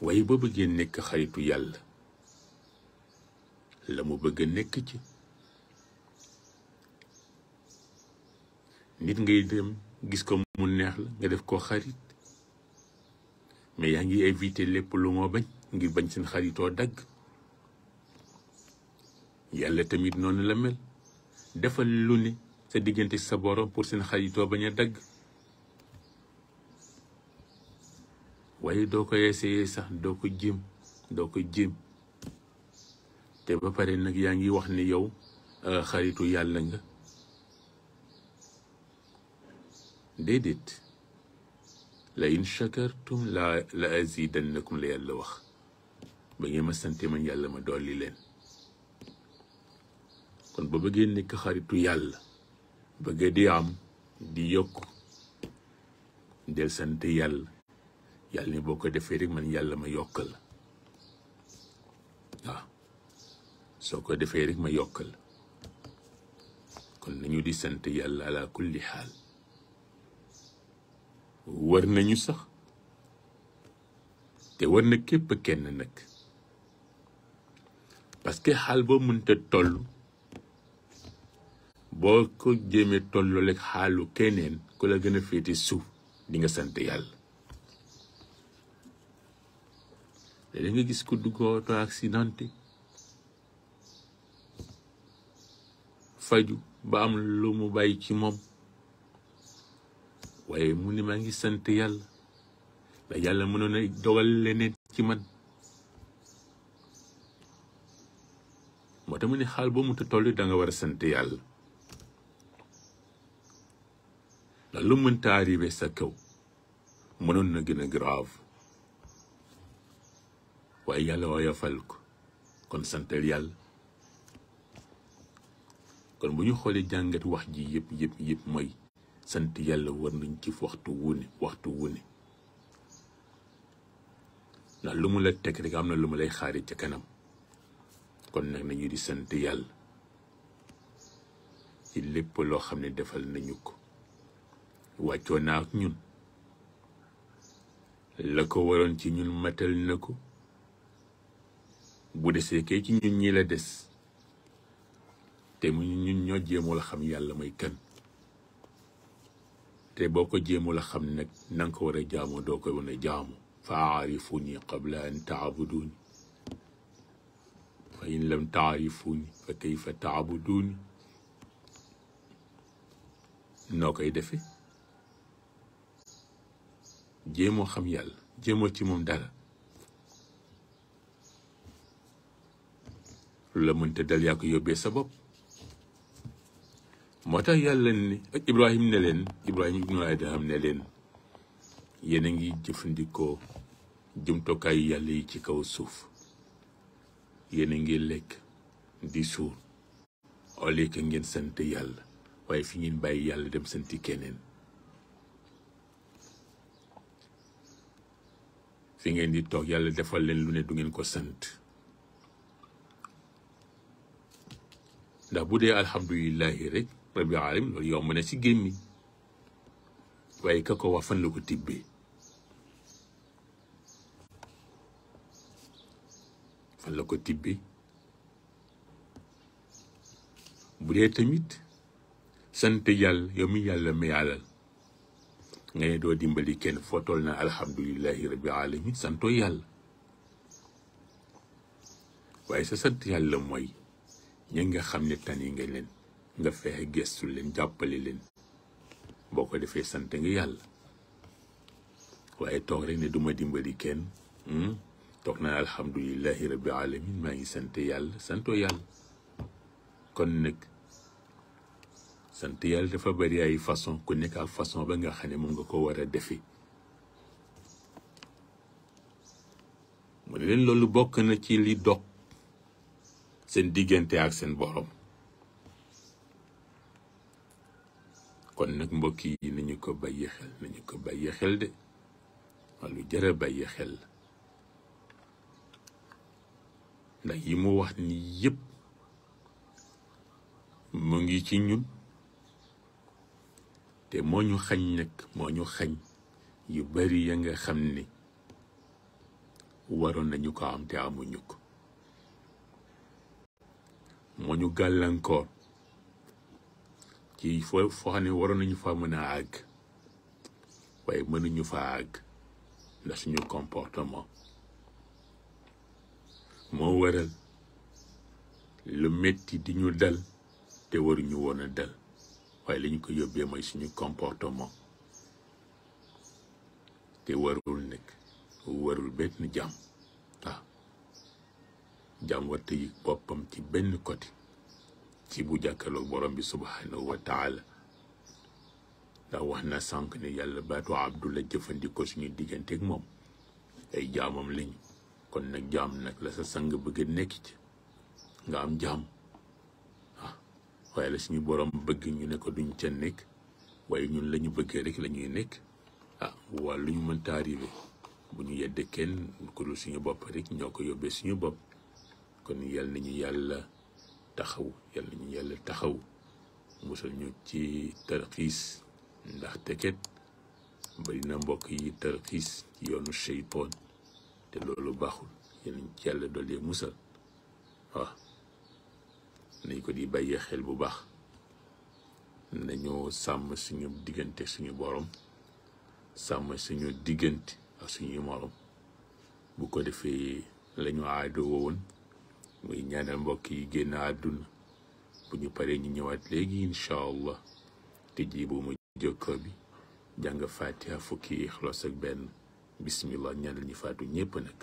waaye ba bëggee nekk xaritu yàlla la mu bëgg nekk ci nit ngay dem gis ko mu neex la nga def koo xarit mais yaa ngi éviter lépp lu moo bañ ngir bañ seen xaritoo dagg yàlla tamit noonu la mel defal lu ne sa diggante sa borom pour seen xaritoo bañ a dagg waaye doo ko essayer sax doo ko jim doo ko jim te ba pare nag yaa ngi wax ni yow euh, xaritu yàlla nga déedéet la in shakartum la la azidannakum la yàlla wax ba ngeen ma sante man yàlla ma dolli leen kon ba bëggee nekk xaritu yàlla bëgg di am di yokk del sant yàlla yàlla ni boo ko defee rek man yàlla ma yokkal waaw soo ko defee rek ma yokkal kon nañu di sant yàlla ala kulli xaal war nañu sax te war na képp kenn nag parce que xaal boo mënta toll boo ko jéemee tolloo rek xaalu keneen ku la gën a féete suuf di sant yàlla léeg nga gis ku dugg oto accidenté faju ba am lu mu bàyyi ci moom waaye mu ne maa ngi sant yàlla ba yàlla mënoon a dogal leneen ci man moo tax mu ne xaal boo mu ta danga war a sant yàlla ndax lu mënta arrivé sa kaw mënoon na gën a grave ويالا ويفالك كون سانتريال كون بني خولي جانغت وحجي يب يب يب مي سانتريال ورنين كيف وقتو ووني وقتو ووني نا لومو لتك ريك امنا لومو لي خاري تكنام كون نك نيو دي سانتريال يليب لو خمني دفل نيوك واتو ناك نيون لكو ورن تي نيون متل نكو bu desee kay ci ñun ñii la des te mu ñun ñoo jéemul a xam yàlla may kan te boo ko jéemul la xam nag nang ko war a jaamoo doo koy wan a jaamu fa aarifuni qabla an taabuduni fa in lam taarifuni fa kayfa taabuduni noo koy defe jéemoo xam yàlla jéemoo ci moom dal lu la mënta dal yàkk ko yóbbee sa bopp moo tax yàlla ni ibrahim ne leen ibrahim ibnu adham ne leen yéen a ngi jëfandikoo jumtokaayu yàlla yi ci kaw suuf yéen a ngi lekk di suur au lieu ngeen sant yàlla waaye fi ngeen bàyyi yàlla dem santi keneen fi ngeen di toog yàlla defal leen lu ne du ngeen ko sant ndax bu dee alhamdulillahi rek rabbi alamin loolu yomb na ci gémmi waaye ka ko wax fan la ko tibbee fan la ko tibbee bu dee tamit sant yàlla yow mi yàlla may alal nga ne doo dimbali kenn foo toll na alhamdulillahi rabbi alamin santoo yàlla waaye sa sant yàlla mooy ñu nga xam ne tan yi nga leen nga fexe gestu leen jàppale leen boo ko defee sant nga yàlla waaye toog rek ne duma dimbali kenn hmm? toog na alhamdulillahi rabbi alamin maa ngi sant yàlla santoo yàlla kon nag sant yàlla dafa bari ay façon ku nekk ak façon ba nga xam ne moom nga ko war a defee mu ne leen loolu bokk na ci li dox seen diggante ak seen borom kon nag mbokk yi nañu ko bàyyi xel nañu ko bàyyi xel de waa lu jëra bàyyi xel ndax yi mu wax ni yépp mu ngi ci ñun te moo ñu xañ nag moo ñu xañ yu bari ya nga xam ni waroon nañu ko am te amuñu ko moo ñu gàllankoor ci foo foo xam ne waroon nañu faa mën a àgg waaye mënuñu faa àgg ndax suñu comportement moo waral lu metti di ñu dal te waruñu woon a dal waaye li ko yóbbee mooy suñu comportement te warul nekk warul benn jàmm jaam war tëj boppam ci benn côté ci bu jàkkaarloog boroom bi subhanahu wa taala ndax wax na sànq ne yàlla baat baatu du la jëfandikoo suñu digganteek moom ay jaamam lañu kon nag jaam nag la sa sang bëgg nekk ci nga am jaam ah waaye la suñu boroom bëgg ñu ne ko duñ ca nekk waaye ñun lañu bëggee rek la ñuy nekk ah waa lu ñu mënta arrivé bu ñu yedde kenn ku suñu bopp rek ñoo ko yóbbee suñu bopp kon yal nañu yàlla taxaw yal nañu yàlla taxaw musal ñu ci tarxiis ndax teket bari na mbokk yi tarxiis ci yoonu seytaane te loolu baaxul yal nañu ci yàlla doolee musal waaw nañ ko di bàyyee xel bu baax nañoo sàmm suñu diggante suñu borom sàmm suñu diggante ak suñuy morom bu ko defee lañu aado muy ñaanal mbokk yi génn àdduna bu ñu paree ñu ñëwaat léegi incha allah te ji bu mu bi jàng fatiha fukki ixlaas ak benn bismillah ñaanal ñi faatu ñépp nag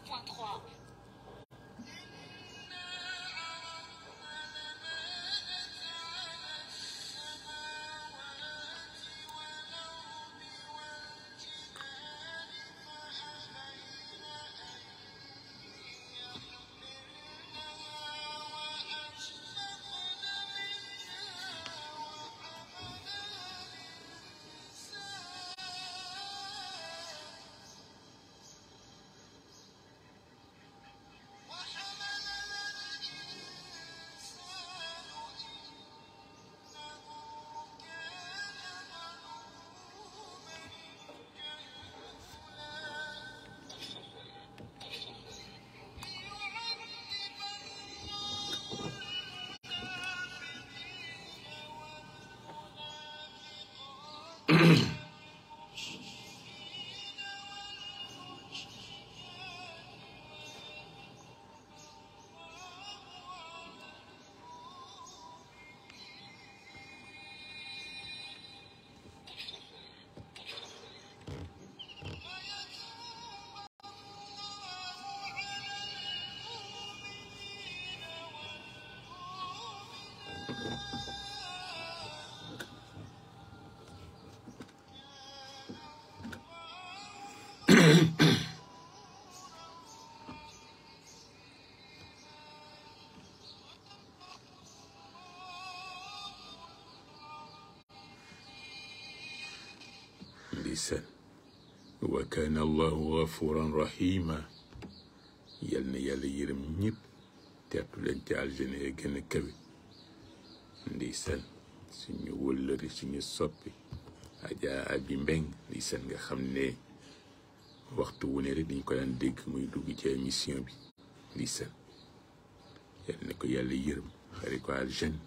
6.3 mm خالصا وكان الله غفورا رحيما يلني يلي يرمنيب تاكو لنتي على الجنية كان كبي ليسان سيني ولري سيني الصبي أجا أبي مبين ليسان غا خمني وقت ونري دين كلان ديك ميدو بيتي أميسيون بي ليسان يلني كو يلي يرم خريكو على الجنة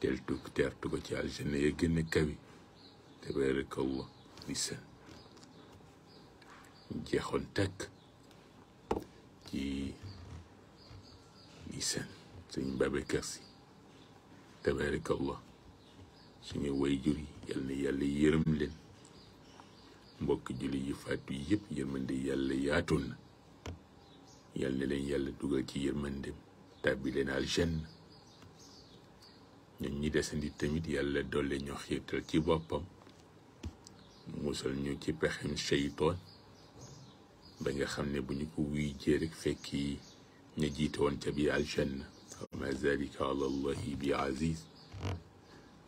تلتوك تلتوك تلتوك تلتوك تلتوك تلتوك tabarakallah ndeysaan jeexoon takk ci ndeysaan sëñ Babacar Si tabarakallah suñu wayjur yi yal na yàlla yërëm leen mbokk julli yi faatu yëpp yërmande yàlla yaatoon na yal na leen yàlla dugal ci yërmandem tàbbi leen aljanna ñun ñi desandi tamit yàlla doole ñoo xiirtal ci boppam mu musal ñu ci pexem seytoon ba nga xam ne bu ñu ko wuy jee fekki ñu jiite woon ca biir aljanna ma zalika ala allahi bi aziz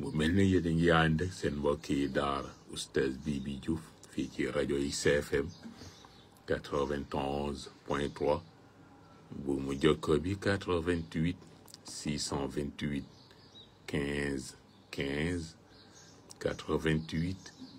mu mel ne yéen a ngi seen mbokk yi daara oustaz Bibi Diouf fii ci rajo yi CFM 91 point 3 bu mu jokko bi 88 628 15 15 88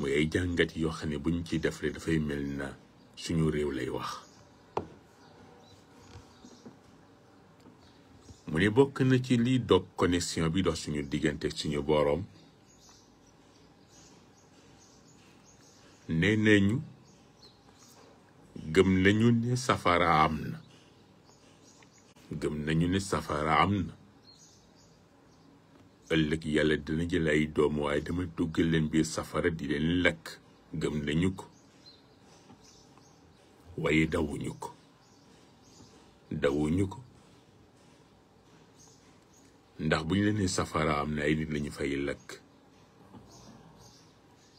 muy ay jàngat yoo xam ne buñ ciy def rek dafay mel na suñu réew lay wax mu ne bokk na ci liy dog connexion bi dox suñu diggante suñu boroom ne nañu gëm nañu ne safara am na gëm nañu ne safara am na ëllëg yàlla dina jël ay doom waaye dama duggal leen biir safara di leen lakk gëm nañu ko waaye dawuñu ko dawuñu ko ndax bu ñu leen safara am na ay nit lañu fay lakk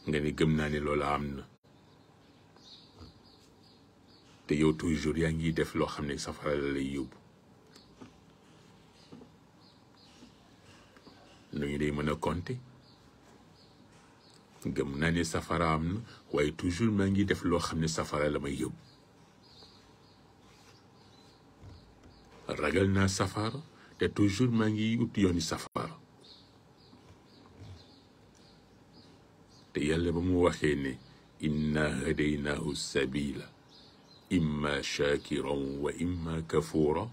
nga ne gëm naa ni loola am na te yow toujours yaa ngi def loo xam ne safara la lay yóbbu nu ñu day mën a compter gëm naa ne safara am na waaye toujours maa ngi def loo xam ne safara la may yóbbu ragal naa safara te toujours maa ngi ut yooni safara te yàlla ba mu waxee ne inna hadaynaahu sabila imma shakiran wa imma kafura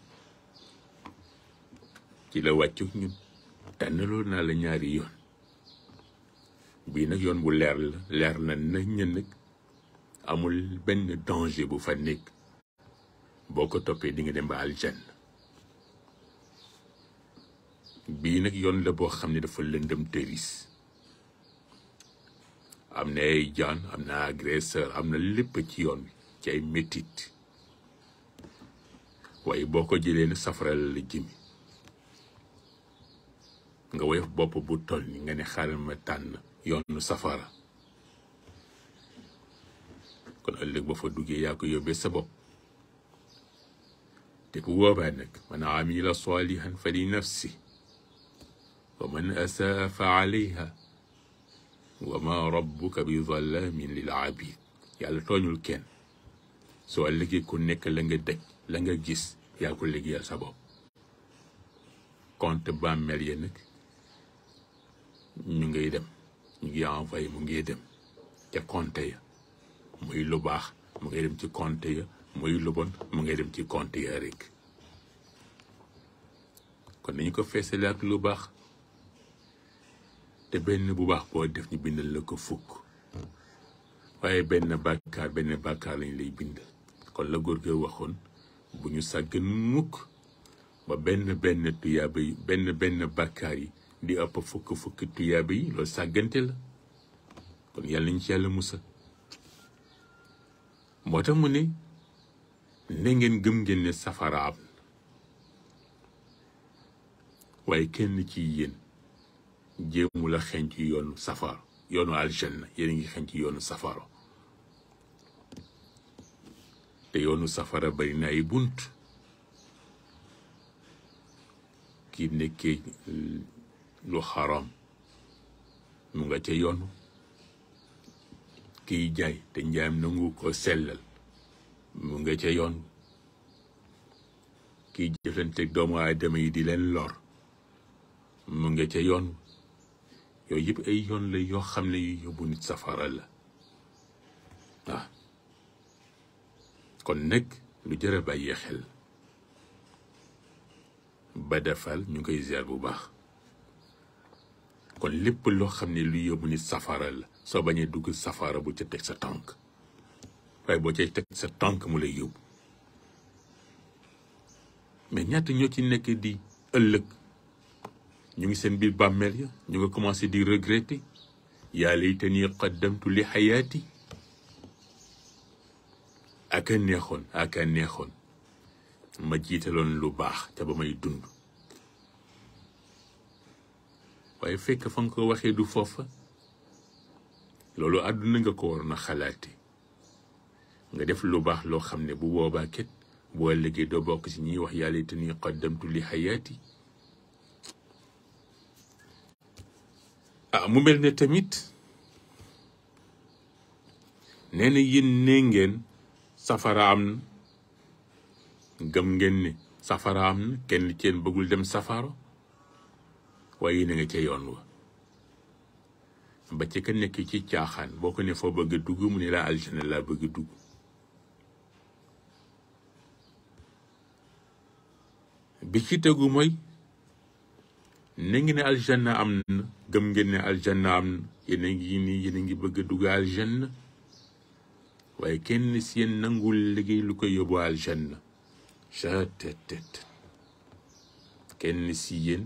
ci la wàccu ñun tànnaloo naa la ñaari yoon bii nag yoon bu leer la leer na nañ ne amul benn danger bu fa nekk boo ko toppee di nga dem ba aljanna bii nag yoon la boo xam ne dafa lëndëm tëris am na ay jaan am na agresseur am na lépp ci yoon bi ci ay métit waaye boo ko jëlee na safaral la jëmi nga wayef bop bu toll ni nga ne xaaral ma tànn yoonu safara kon ëllëg ba fa duggé ya ko yobé sa bop te bu boobaa nag man amila salihan fa li nafsi wa man asaa fa alayha wa ma rabbuka bi zallamin lil abid yàlla tooñul kenn soo ëllëgee ku nekk la nga daj la nga gis yaa ko liggéeyal sa bopp compte bàmmeel ya ñu ngay dem ñu ngi envoyé mu ngi dem ca compte ya muy lu baax mu ngay dem ci compte ya muy lu mu ngay dem ci compte ya rek kon nañu ko feesale ak lu baax te benn bu baax boo def ñu bind la ko fukk waaye benn bàkkaar benn bàkkaar lañ lay bindal kon la góor gi waxoon bu ñu sàggan mukk ba benn benn tuyaaba yi benn benn bàkkaar yi di ëpp fukk-fukk tuyaaba yi loolu sàggante la kon yàlla nañ ci yàlla musa moo tax mu ne na ngeen gëm ngeen ne safara am na waaye kenn ci yéen jéemu la xenc yoonu safara yoonu aljanna yéen a ngi xenc yoonu safara te yoonu safara bari na ay bunt ki nekkee lu xaram mu nga ce yoon kiy jaay te njaayam nangu ko sellal mu nga ca yoon kiy jëflanteeg doomu aadama yi di leen lor mu nga ca yoon yooyu yëpp ay yoon la yoo xam ne yu yóbbu nit safara la waaw ah. kon nag lu jërë bàyyi xel ba defal ñu koy ziar bu baax kon lépp lo xam lu yóbbu ni safara la so bañe dugg safara bu ci tek sa tànk way bo ci tek sa tànk mu lay yóbbu mais ñatt ñoo ci nekk di ëllëg ñu ngi seen bi bammel ya ñu ngi commencer di regretter yaa laytanii qaddamtu li hayati aka neexoon aka neexoon ma jitalon lu bax ta bamay may dund ay fekk fa nga ko waxee du foofa loolu àdduna nga ko waroon a xalaate nga def lu baax loo xam ne bu boobaa boo liggéey doo bokk ci ñuy wax yàlla te ni qaddamtu li xayaati ah mu mel ne tamit nee na yéen ngeen safara am na gëm ngeen ne safara am na kenn ci bëggul dem safara waaye yéen a nga ca yoon wa ba ci ka nekk ci caaxaan boo ko ne foo bëgg dugg mu ne laa aljana laa bëgg a dugg bi ci tegu mooy na ngi ne aljanna am na gëm ngeen ne aljanna am na yéen ngi nii yéen ngi bëgg a dugg aljanna waaye kenn si yéen nangul liggéey lu ko yóbbu aljanna ca tet tet kenn si yéen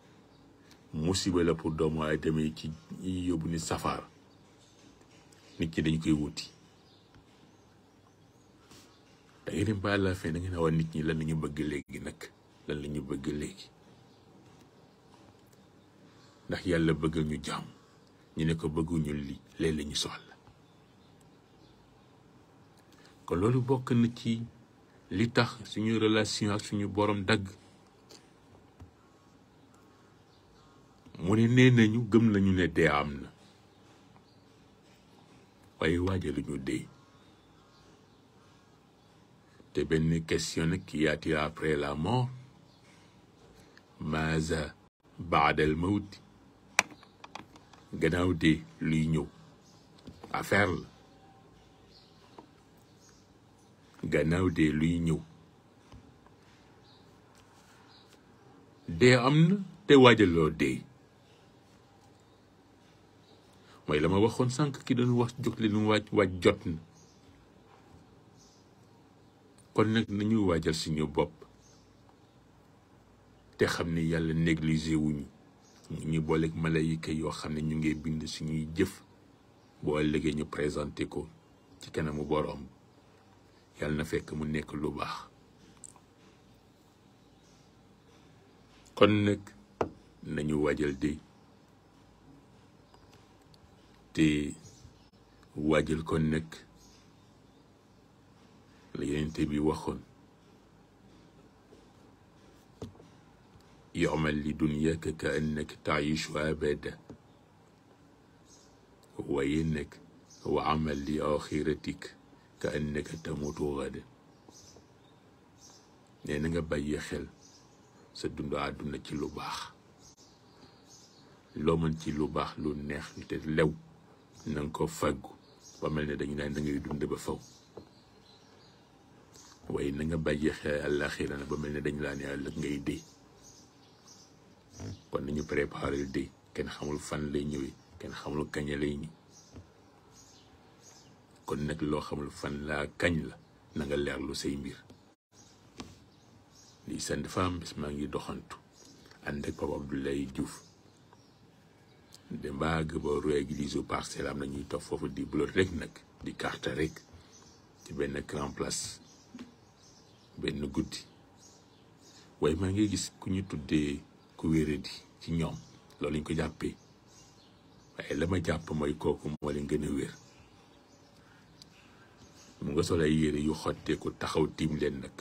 musiba la pour doom waaye tamit ci yóbbu nit safaar nit ki dañ koy wuti da ngay dem ba la fin a wax nit ñi lan la bëgg léegi nag lan bëgg léegi ndax yàlla bëgg ñu jàmm ñu ne ko bëgguñu li léeg la ñu soxla kon loolu bokk na ci li tax suñu relation ak suñu boroom dagg mu ne nee nañu gëm nañu ne dee am na waaye waajaluñu dee te benn question nag qu'y a-t-il après la mort maaza baadal mawti gannaaw dee luy ñëw affaire la gannaaw dee luy ñëw dee am na te waajaloo dee mooy la ma waxoon sànq ki doon wax jóg leen waaj waaj jot na kon nag nañu waajal suñu bopp te xam ne yàlla négligé wuñu ñu ñu booleeg malayika yoo xam ne ñu ngi bind suñuy jëf boo ëllëgee ñu présenté ko ci kanamu boroom yàlla na fekk mu nekk lu baax kon nag nañu waajal de تي واجل كنك لي انتي بي وخون يعمل لدنياك كأنك تعيش أبدا وينك وعمل لآخرتك كأنك تموت غدا لأنك باي خل سدون دعا دونك لو باخ لو من لو باخ لو نخ لو na ko fàggu ba mel ne dañu daan da ngay dund ba faw waaye na nga bàyyi xel àllaaxira na ba mel ne dañu laa ne ëllëg ngay dee kon nañu préparé dee kenn xamul fan lay ñëwee kenn xamul kañ lay ñëw kon nag loo xamul fan laa kañ la na nga leerlu say mbir lii sant faam bis maa ngi doxantu ànd ak Papa Abdoulaye Diouf Demba Gueye ba église u parcelle am na ñuy toog foofu di blotte rek nag di karta rek ci benn grand place benn guddi waaye maa ngi gis ku ñu tuddee ku wéradi ci ñoom loolu ñu ko jàppee waaye la ma jàpp mooy kooku moo leen gën a wér mu nga sol ay yére yu xotteeku taxaw tiim leen nag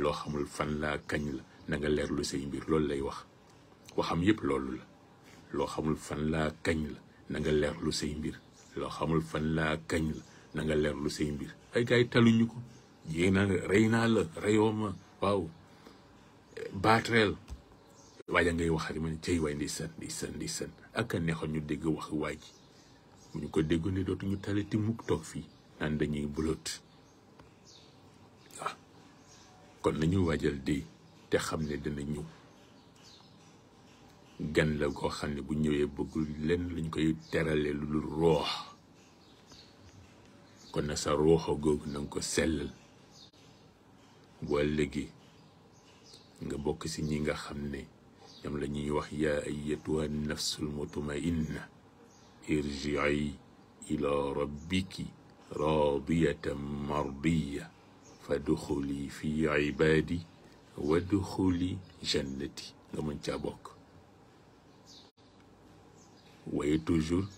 loo xamul fan laa kañ la na leerlu say mbir loolu lay wax waxam yépp loolu la loo xamul fan laa kañ la nanga leer lu say mbir loo xamul fan laa kañ la na leer lu say mbir ay gars taluñu ko yéen a rey naa la reyoo ma waaw baatreel waaja ngay waxaat ma ne cey waay ndeysaan ndeysaan ndeysaan ak a neexoon ñu dégg wax waa ji ñu ko déggoon ne dootuñu talati mukk toog fii naan dañuy buloot waaw ah. kon nañu waajal dee te xam ne dana ñëw gan la koo xam bu ñewé bëggul lén lañ koy terale lu lu roox kon na sa rooxa googu na ko sellal boo léegi nga bok ci ñi nga xamne ñam ñoom la ñuy wax yaa ayatuha nafsul mutmainna irjii ila rabbiki radiyatan mardiyya faduxuli في عبادي waduxuli جنتي نمن تابوك waaye toujours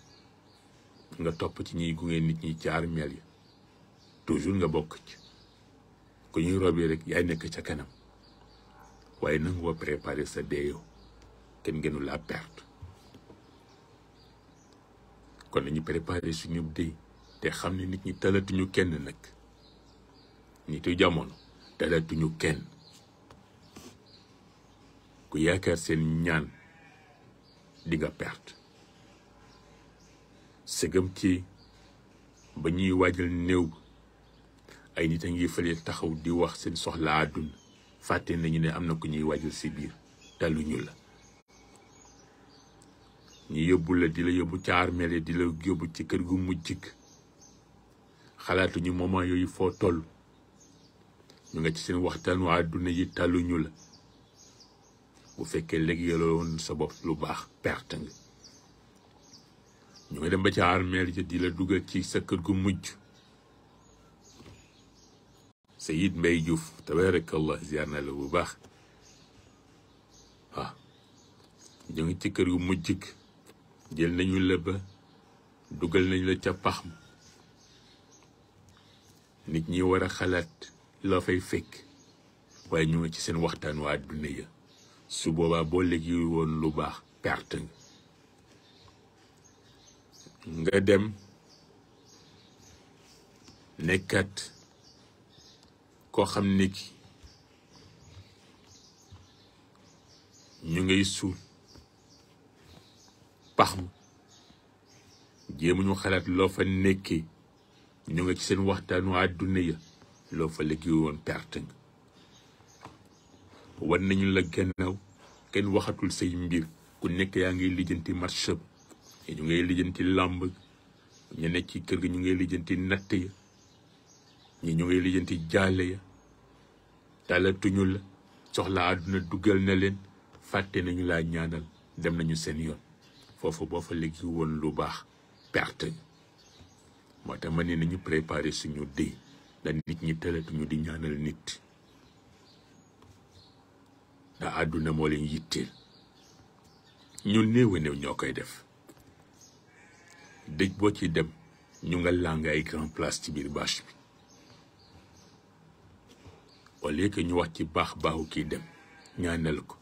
nga topp ci ñuy gunge nit ñi caar mel yi toujours nga bokk ci ku ñuy robee rek yaay nekk ca kanam waaye nanga woo préparer sa deeyoo kenn gënu laa perte kon nañu préparer suñu dey te xam ne nit ñi talatuñu kenn nag nitu jamono talatuñu kenn ku yaakaar seen ñaan di perte sëgëm ci ba ñuy waajal néew bi ay nit a ngi fële taxaw di wax seen soxla àdduna fàtte nañu ne am na ku ñuy waajal si biir la ñu yóbbu la di la yóbbu ca armeel di la yóbbu ci kër gu mujjik xalaatuñu moment yooyu foo toll ñu nga ci seen waxtaan waa àdduna yi taluñu la bu fekkee léegi yore woon sa bopp lu baax perte nga ñu nga dem ba ca armeel ja di la dugal ci sa kër gu mujj Sayid Mbay Juuf tabarakallah ziar na la bu baax waaw ah, ñu ci kër gu mujj jël nañu la ba dugal nañu la ca pax ma nit ñi war a xalaat la fay fekk waaye ñu ngi ci seen waxtaan waa adduna ya su boobaa boo léegi woon lu baax perte nga nga dem nekkat koo xam ne ki ñu ngay suul pax ma jéemu ñu xalaat loo fa nekki ñu nga ci seen waxtaanu àdduna ya loo fa liggéey woon perte nga wan nañu la gannaaw kenn waxatul say mbir ku nekk yaa ngi lijjanti marché ñu ngay lijjanti làmb ñu nekk ci kër gi ñu ngay lijjanti natt ya ñu ngay lijjanti jaale ya talatuñu la soxla àdduna dugal na leen fàtte nañu laa ñaanal dem nañu seen yoon foofu boo fa léegi woon lu baax perte moo tax ma ne nañu préparer suñu dee ndax nit ñi talatuñu di ñaanal nit ndax àdduna moo leen yitteel ñu néew néew ñoo koy def dëj boo ci dem ñu nga làng ay grand place ci biir bâche bi au lieu que ñu wax ci baax baaxu kii dem ñaanal ko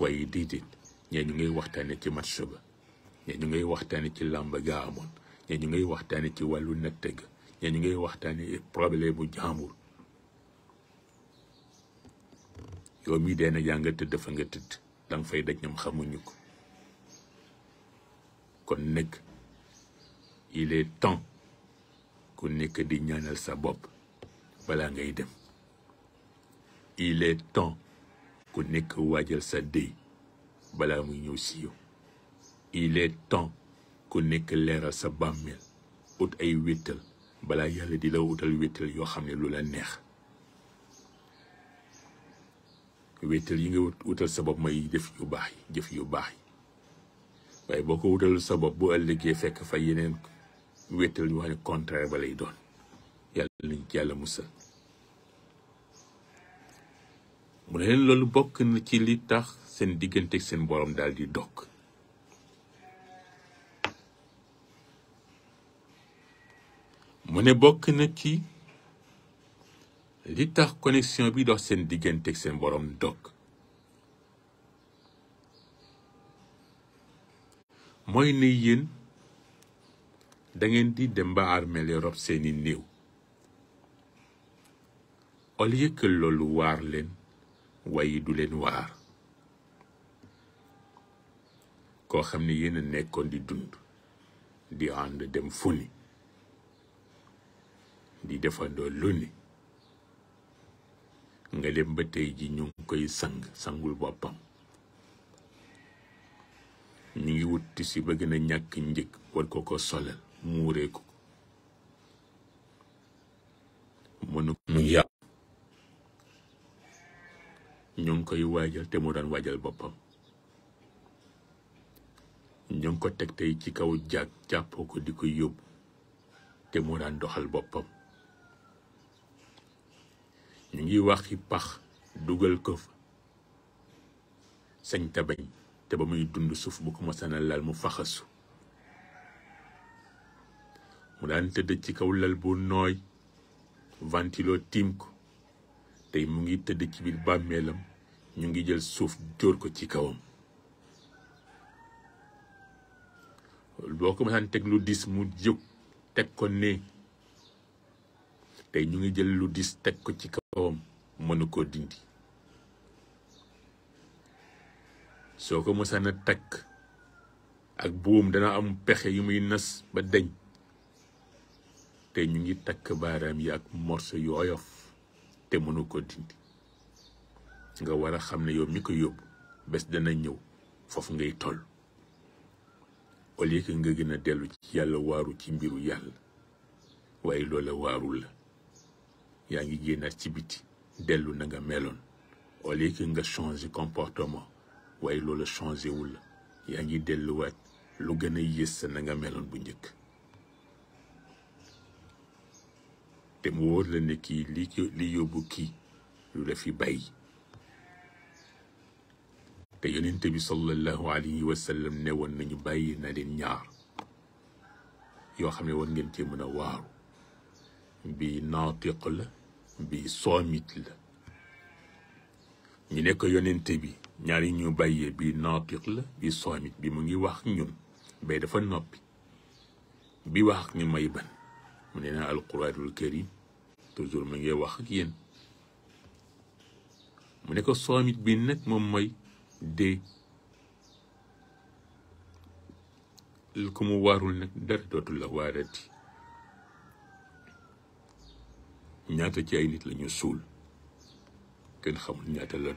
waaye déedéet ñee ñu ngay waxtaane ci match ba ñee ñu ngay waxtaane ci làmb ga amoon ñee ñu ngay waxtaane ci wàllu natt ga ñee ñu ngay waxtaane problème bu jàmbur yow mii dee na yaa nga tëdd fa nga tëdd danga fay daj ñam xamuñu ko kon nekk il est temps ku nekk di ñaanal sa bopp balaa ngay dem il est temps ku nekk waajal sa dëy balaa muy ñëw si yow il est temps ku nekk leeral sa bàmmeel ut ay wéttal balaa yàlla di la wutal wéttal yoo xam ne lu la neex wéttal yi nga wutal sa bopp may def yu baax jëf yu baax yi waaye boo ko wutalul sa bopp bu ëllëgee fekk fa yeneen wéetal ñu wax ne contraire ba lay doon yàlla musal mu ne leen loolu bokk na ci li tax seen diggante ak seen boroom daal di dokk mu bokk na ci li tax connexion bi dox seen diggante seen borom dokk mooy ne da ngeen di dem ba armeel yi rob seeni néew au lieu loolu waar leen waaye du leen waar koo xam ne yéen nekkoon di dund di ànd dem fu ni di defandoo lu ni nga dem ba tey ji ñu ngi koy sang sangul boppam ñu ngi wut si ba gën a ñàkk njëg war koo ko solal muuree ko mënu mu ngi yàpp ñoo ngi koy waajal te moo daan waajal boppam ñoo ngi ko teg tey ci kaw jàkk jàppoo ko di ko yóbbu te moo daan doxal boppam ñu ngi waxi pax dugal ko fa sañ tabañ te ba muy dund suuf bu ko mosana laal mu faxasu mu daan tëdd ci kaw lal bu nooy ventilo tiim ko tey mu ngi tëdd ci biir bàmmeelam ñu ngi jël suuf jóor ko ci kawam boo ko ma teg lu diis mu jóg teg ko ne tey ñu ngi jël lu diis teg ko ci kawam mënu koo dindi soo ko mësaan a takk ak buum dana am pexe yu muy nas ba deñ te ñu ngi takk baaraam yi ak morso yu te mënu ko dindi nga war a xam ne yow mi ko yóbbu bés dana ñëw foofu ngay toll au lieu que nga gën a dellu ci yàlla waaru ci mbiru yàlla waaye loola waarul la yaa ngi génnaat ci biti dellu na meloon au lieu que nga changé comportement waaye loola changé wul la yaa ngi delluwaat lu gën a yées sa nanga meloon bu njëkk te mu wóor la ne kii li li yóbbu kii lu la fi bàyyi te yonent bi sallallahu alayhi wa sallam ne woon nañu bàyyi na leen ñaar yoo xam ne war ngeen cee mën a waaru bi naatiq la bi soomit la ñu nekk ko yonent bi ñaari ñu bàyyee bi naatiq la bi soomit bi mu ngi wax ñun bay dafa noppi bi wax ni may ban من هنا القرآن الكريم تزور من جوا خكين من هناك الصامت بينك ممي دي الكموار لك در دوت الله وارتي نياتا جاي نيت لنيو كن خم نياتا لا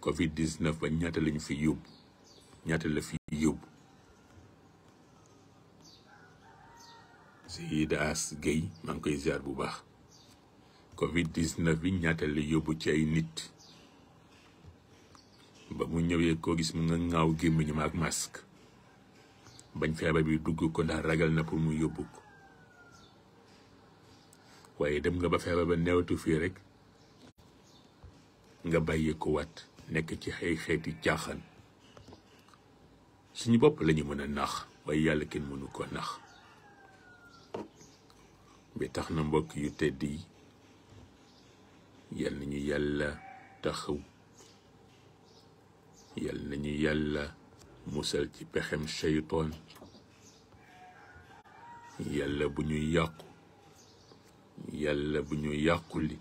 كوفيد 19 نياتا لنيو في يوب نياتا لا في يوب Seyda As Guèye maa koy ziar bu baax covid 19 bi ñaata yóbbu ci ay nit ba mu ñëwee koo gis mu nga ŋaaw gémmiñam ak masque bañ feebar bi dugg ko ndax ragal na pour mu yóbbu ko waaye dem nga ba feebar ba neewatu fii rek nga bàyyi ko wat nekk ci ay xeeti caaxaan suñu bopp lañu mën a nax waaye yàlla kenn mënu ko nax bi taxna na mbokk yu teddi yal nañu yàlla taxaw yal nañu yàlla musal ci pexem shaytan yàlla buñu ñu yàlla buñu yàquli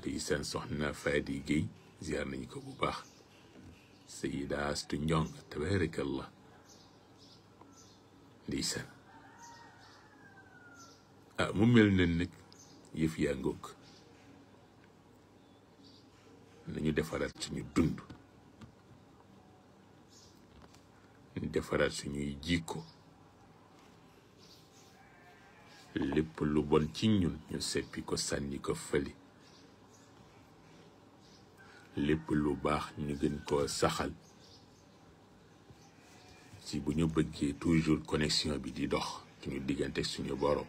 li sen soxna Fadi Gueye ziar nañ ko bu baax سيدة astu تبارك الله ليسن ah mu mel ne nag yëf yaa ngóog ñu defaraat suñu dund ñu defaraat suñuy jikko lépp lu bon ci ñun ñu seppi ko sànni ko fële lépp lu baax ñu gën koo saxal si bu ñu bëggee toujours connexion bi di dox suñu diggante suñu boroom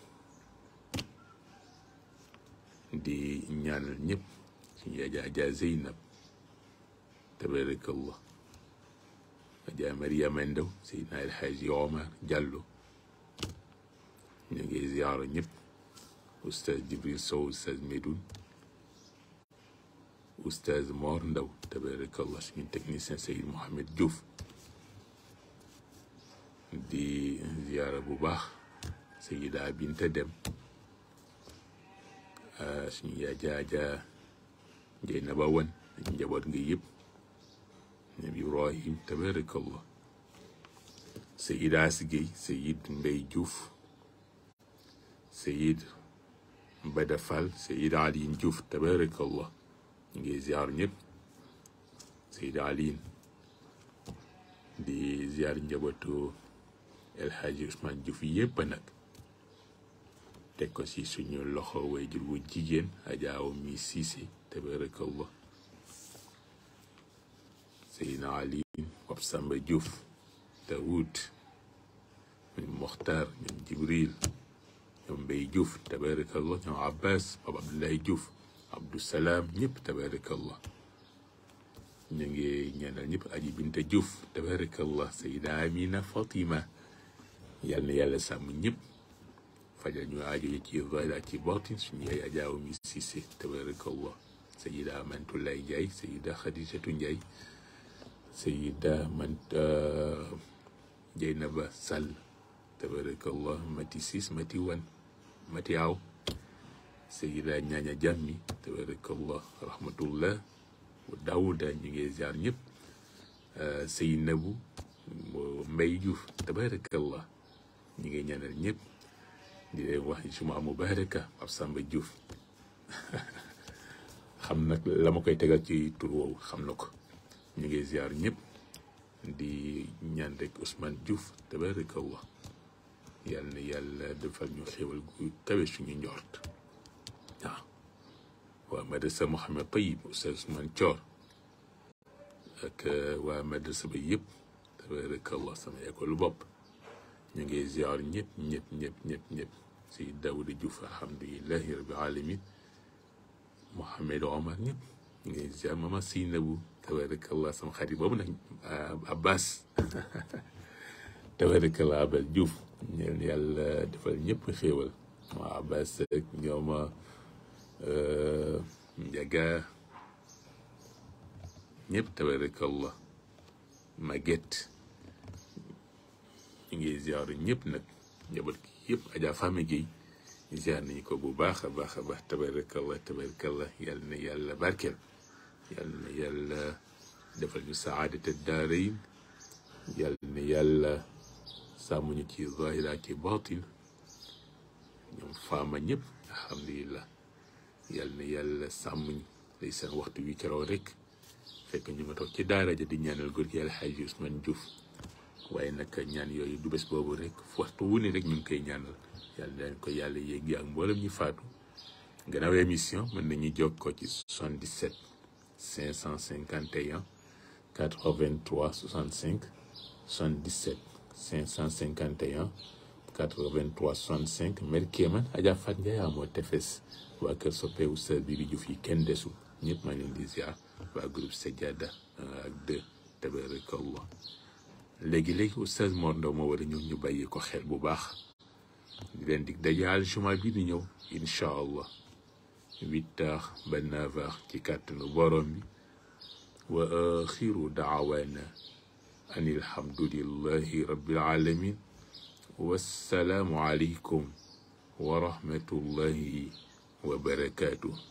di ñaanal ñëpp suñu ajaa ajaa Zeynab tabarakallah ajaa Mariama Ndaw Seydina El Hadji Omar Diallo ñu ngi ziyaara ñëpp oustaz Jibril Sow oustaz Medoune oustaz Mor Ndaw tabarakallah suñu technicien Seyd Mohamed Juf di ziyaara bu baax Seyida Dem Euh, suñu yaay jaaja jëy na ba wan ak njaboot ngi yëpp ñoom Ibrahim tabarakallah Sayid As Guèye Sayid Mbaye Diouf Sayid Mbada Fall Sayid Aliin Diouf tabarakallah ñu ngi ziar ñëpp Sayid Aliin di ziar njabootu El Hadji Ousmane Diouf nag teg ko ci suñu loxo wayjur wu jigéen ajaaw mi siisi tabarakallah seydina ali wab samba diouf dawoud ñoom moxtar ñoom jibril ñoom mbay diouf tabarakallah ñoom abbas bab abdullahi diouf abdusalaam ñëpp tabarakallah ñu ngi ñaanal ñëpp aji binte diouf tabarakallah sayida amina fatima yàlla na yàlla sàmm ñëpp fajal ñu aajo yi ci zahir ak ci batin suñu yaay ajaaw tabarakallah sayida Mantulaay Njaay sayida Xadijatu Njaay sayida mant euh, Jeynaba Sall tabarakallah mati siis mati wan mati aw sayida ñaaña jàmmi tabarakallah rahmatullah wa daawuda ñu ngi euh, sayid nabu mbay tabarakallah ñu ngi ñaanal di leen wax juma mubaraka ab Samba Diouf xam nag la ma koy tegal ci tur woowu xam na ko ñu ngi ziar ñëpp di ñaan rek Ousmane Diouf tabaraka Allah yal na yàlla defal ñu xéwal gu kawe suñu njort waaw waa madrasa Mohamed Tayib Oustaz Ousmane Thior ak waa madrasa ba yëpp tabaraka Allah sama école bopp ñu ngi ziar ñëpp ñëpp ñëpp ñëpp ñëpp si Daouda Diouf alhamdulilahi rabbil alamin Mohamed Omar ñëpp ñu ngi ziar mama Sinabu tabarakallah sama xarit boobu nag Abbas tabarakallah Abel Diouf ñeen yàlla defal ñëpp xéewal ma Abbas ak ñooma Njaga ñëpp tabarakallah Maguette ñu ngi ziar ñëpp nag njaboot gi yëpp Adja Fahma Gueye ziar nañu ko bu baax a baax a baax tabarakallah tabarakallah yàlla na yàlla barkeel yàlla na yàlla defal ñu saadata daarayin yàlla na yàlla sàmm ñu ci zahir ak ci baatin ñoom faama ñëpp alhamdulillah yàlla na yàlla sàmm ñu day seen waxtu wi ci raw rek fekk ñu nga toog ci daara ja di ñaanal góor gi Alxaaji Ousmane Diouf waaye nag ñaan yooyu du bes boobu rek waxtu wu rek ñu ngi koy ñaanal yàlla dañ ko yàlla yéegi ak mboolem ñu faatu gannaaw émission mën nañu jokkoo ci 77 551 83 65 77 551 83 65 mère Kéeman Adja Fat Ndiaye amoo tefes waa kër soppe Oustaz Bibi Diouf yi kenn desul ñëpp maa ngi leen di waa groupe Sadiada 1 ak 2 tabarakallah léegi léegi oustaz Mor Ndao ma war a ñëw ñu bàyyi ko xel bu baax di leen dig dajaal juma bi di ñëw incha allah huit heures ba neuf heures ci kàttanu borom bi wa axiru daawaana an ilhamdulillahi rabbil alamin wassalaamu aleykum wa rahmatullahi wa barakaatuh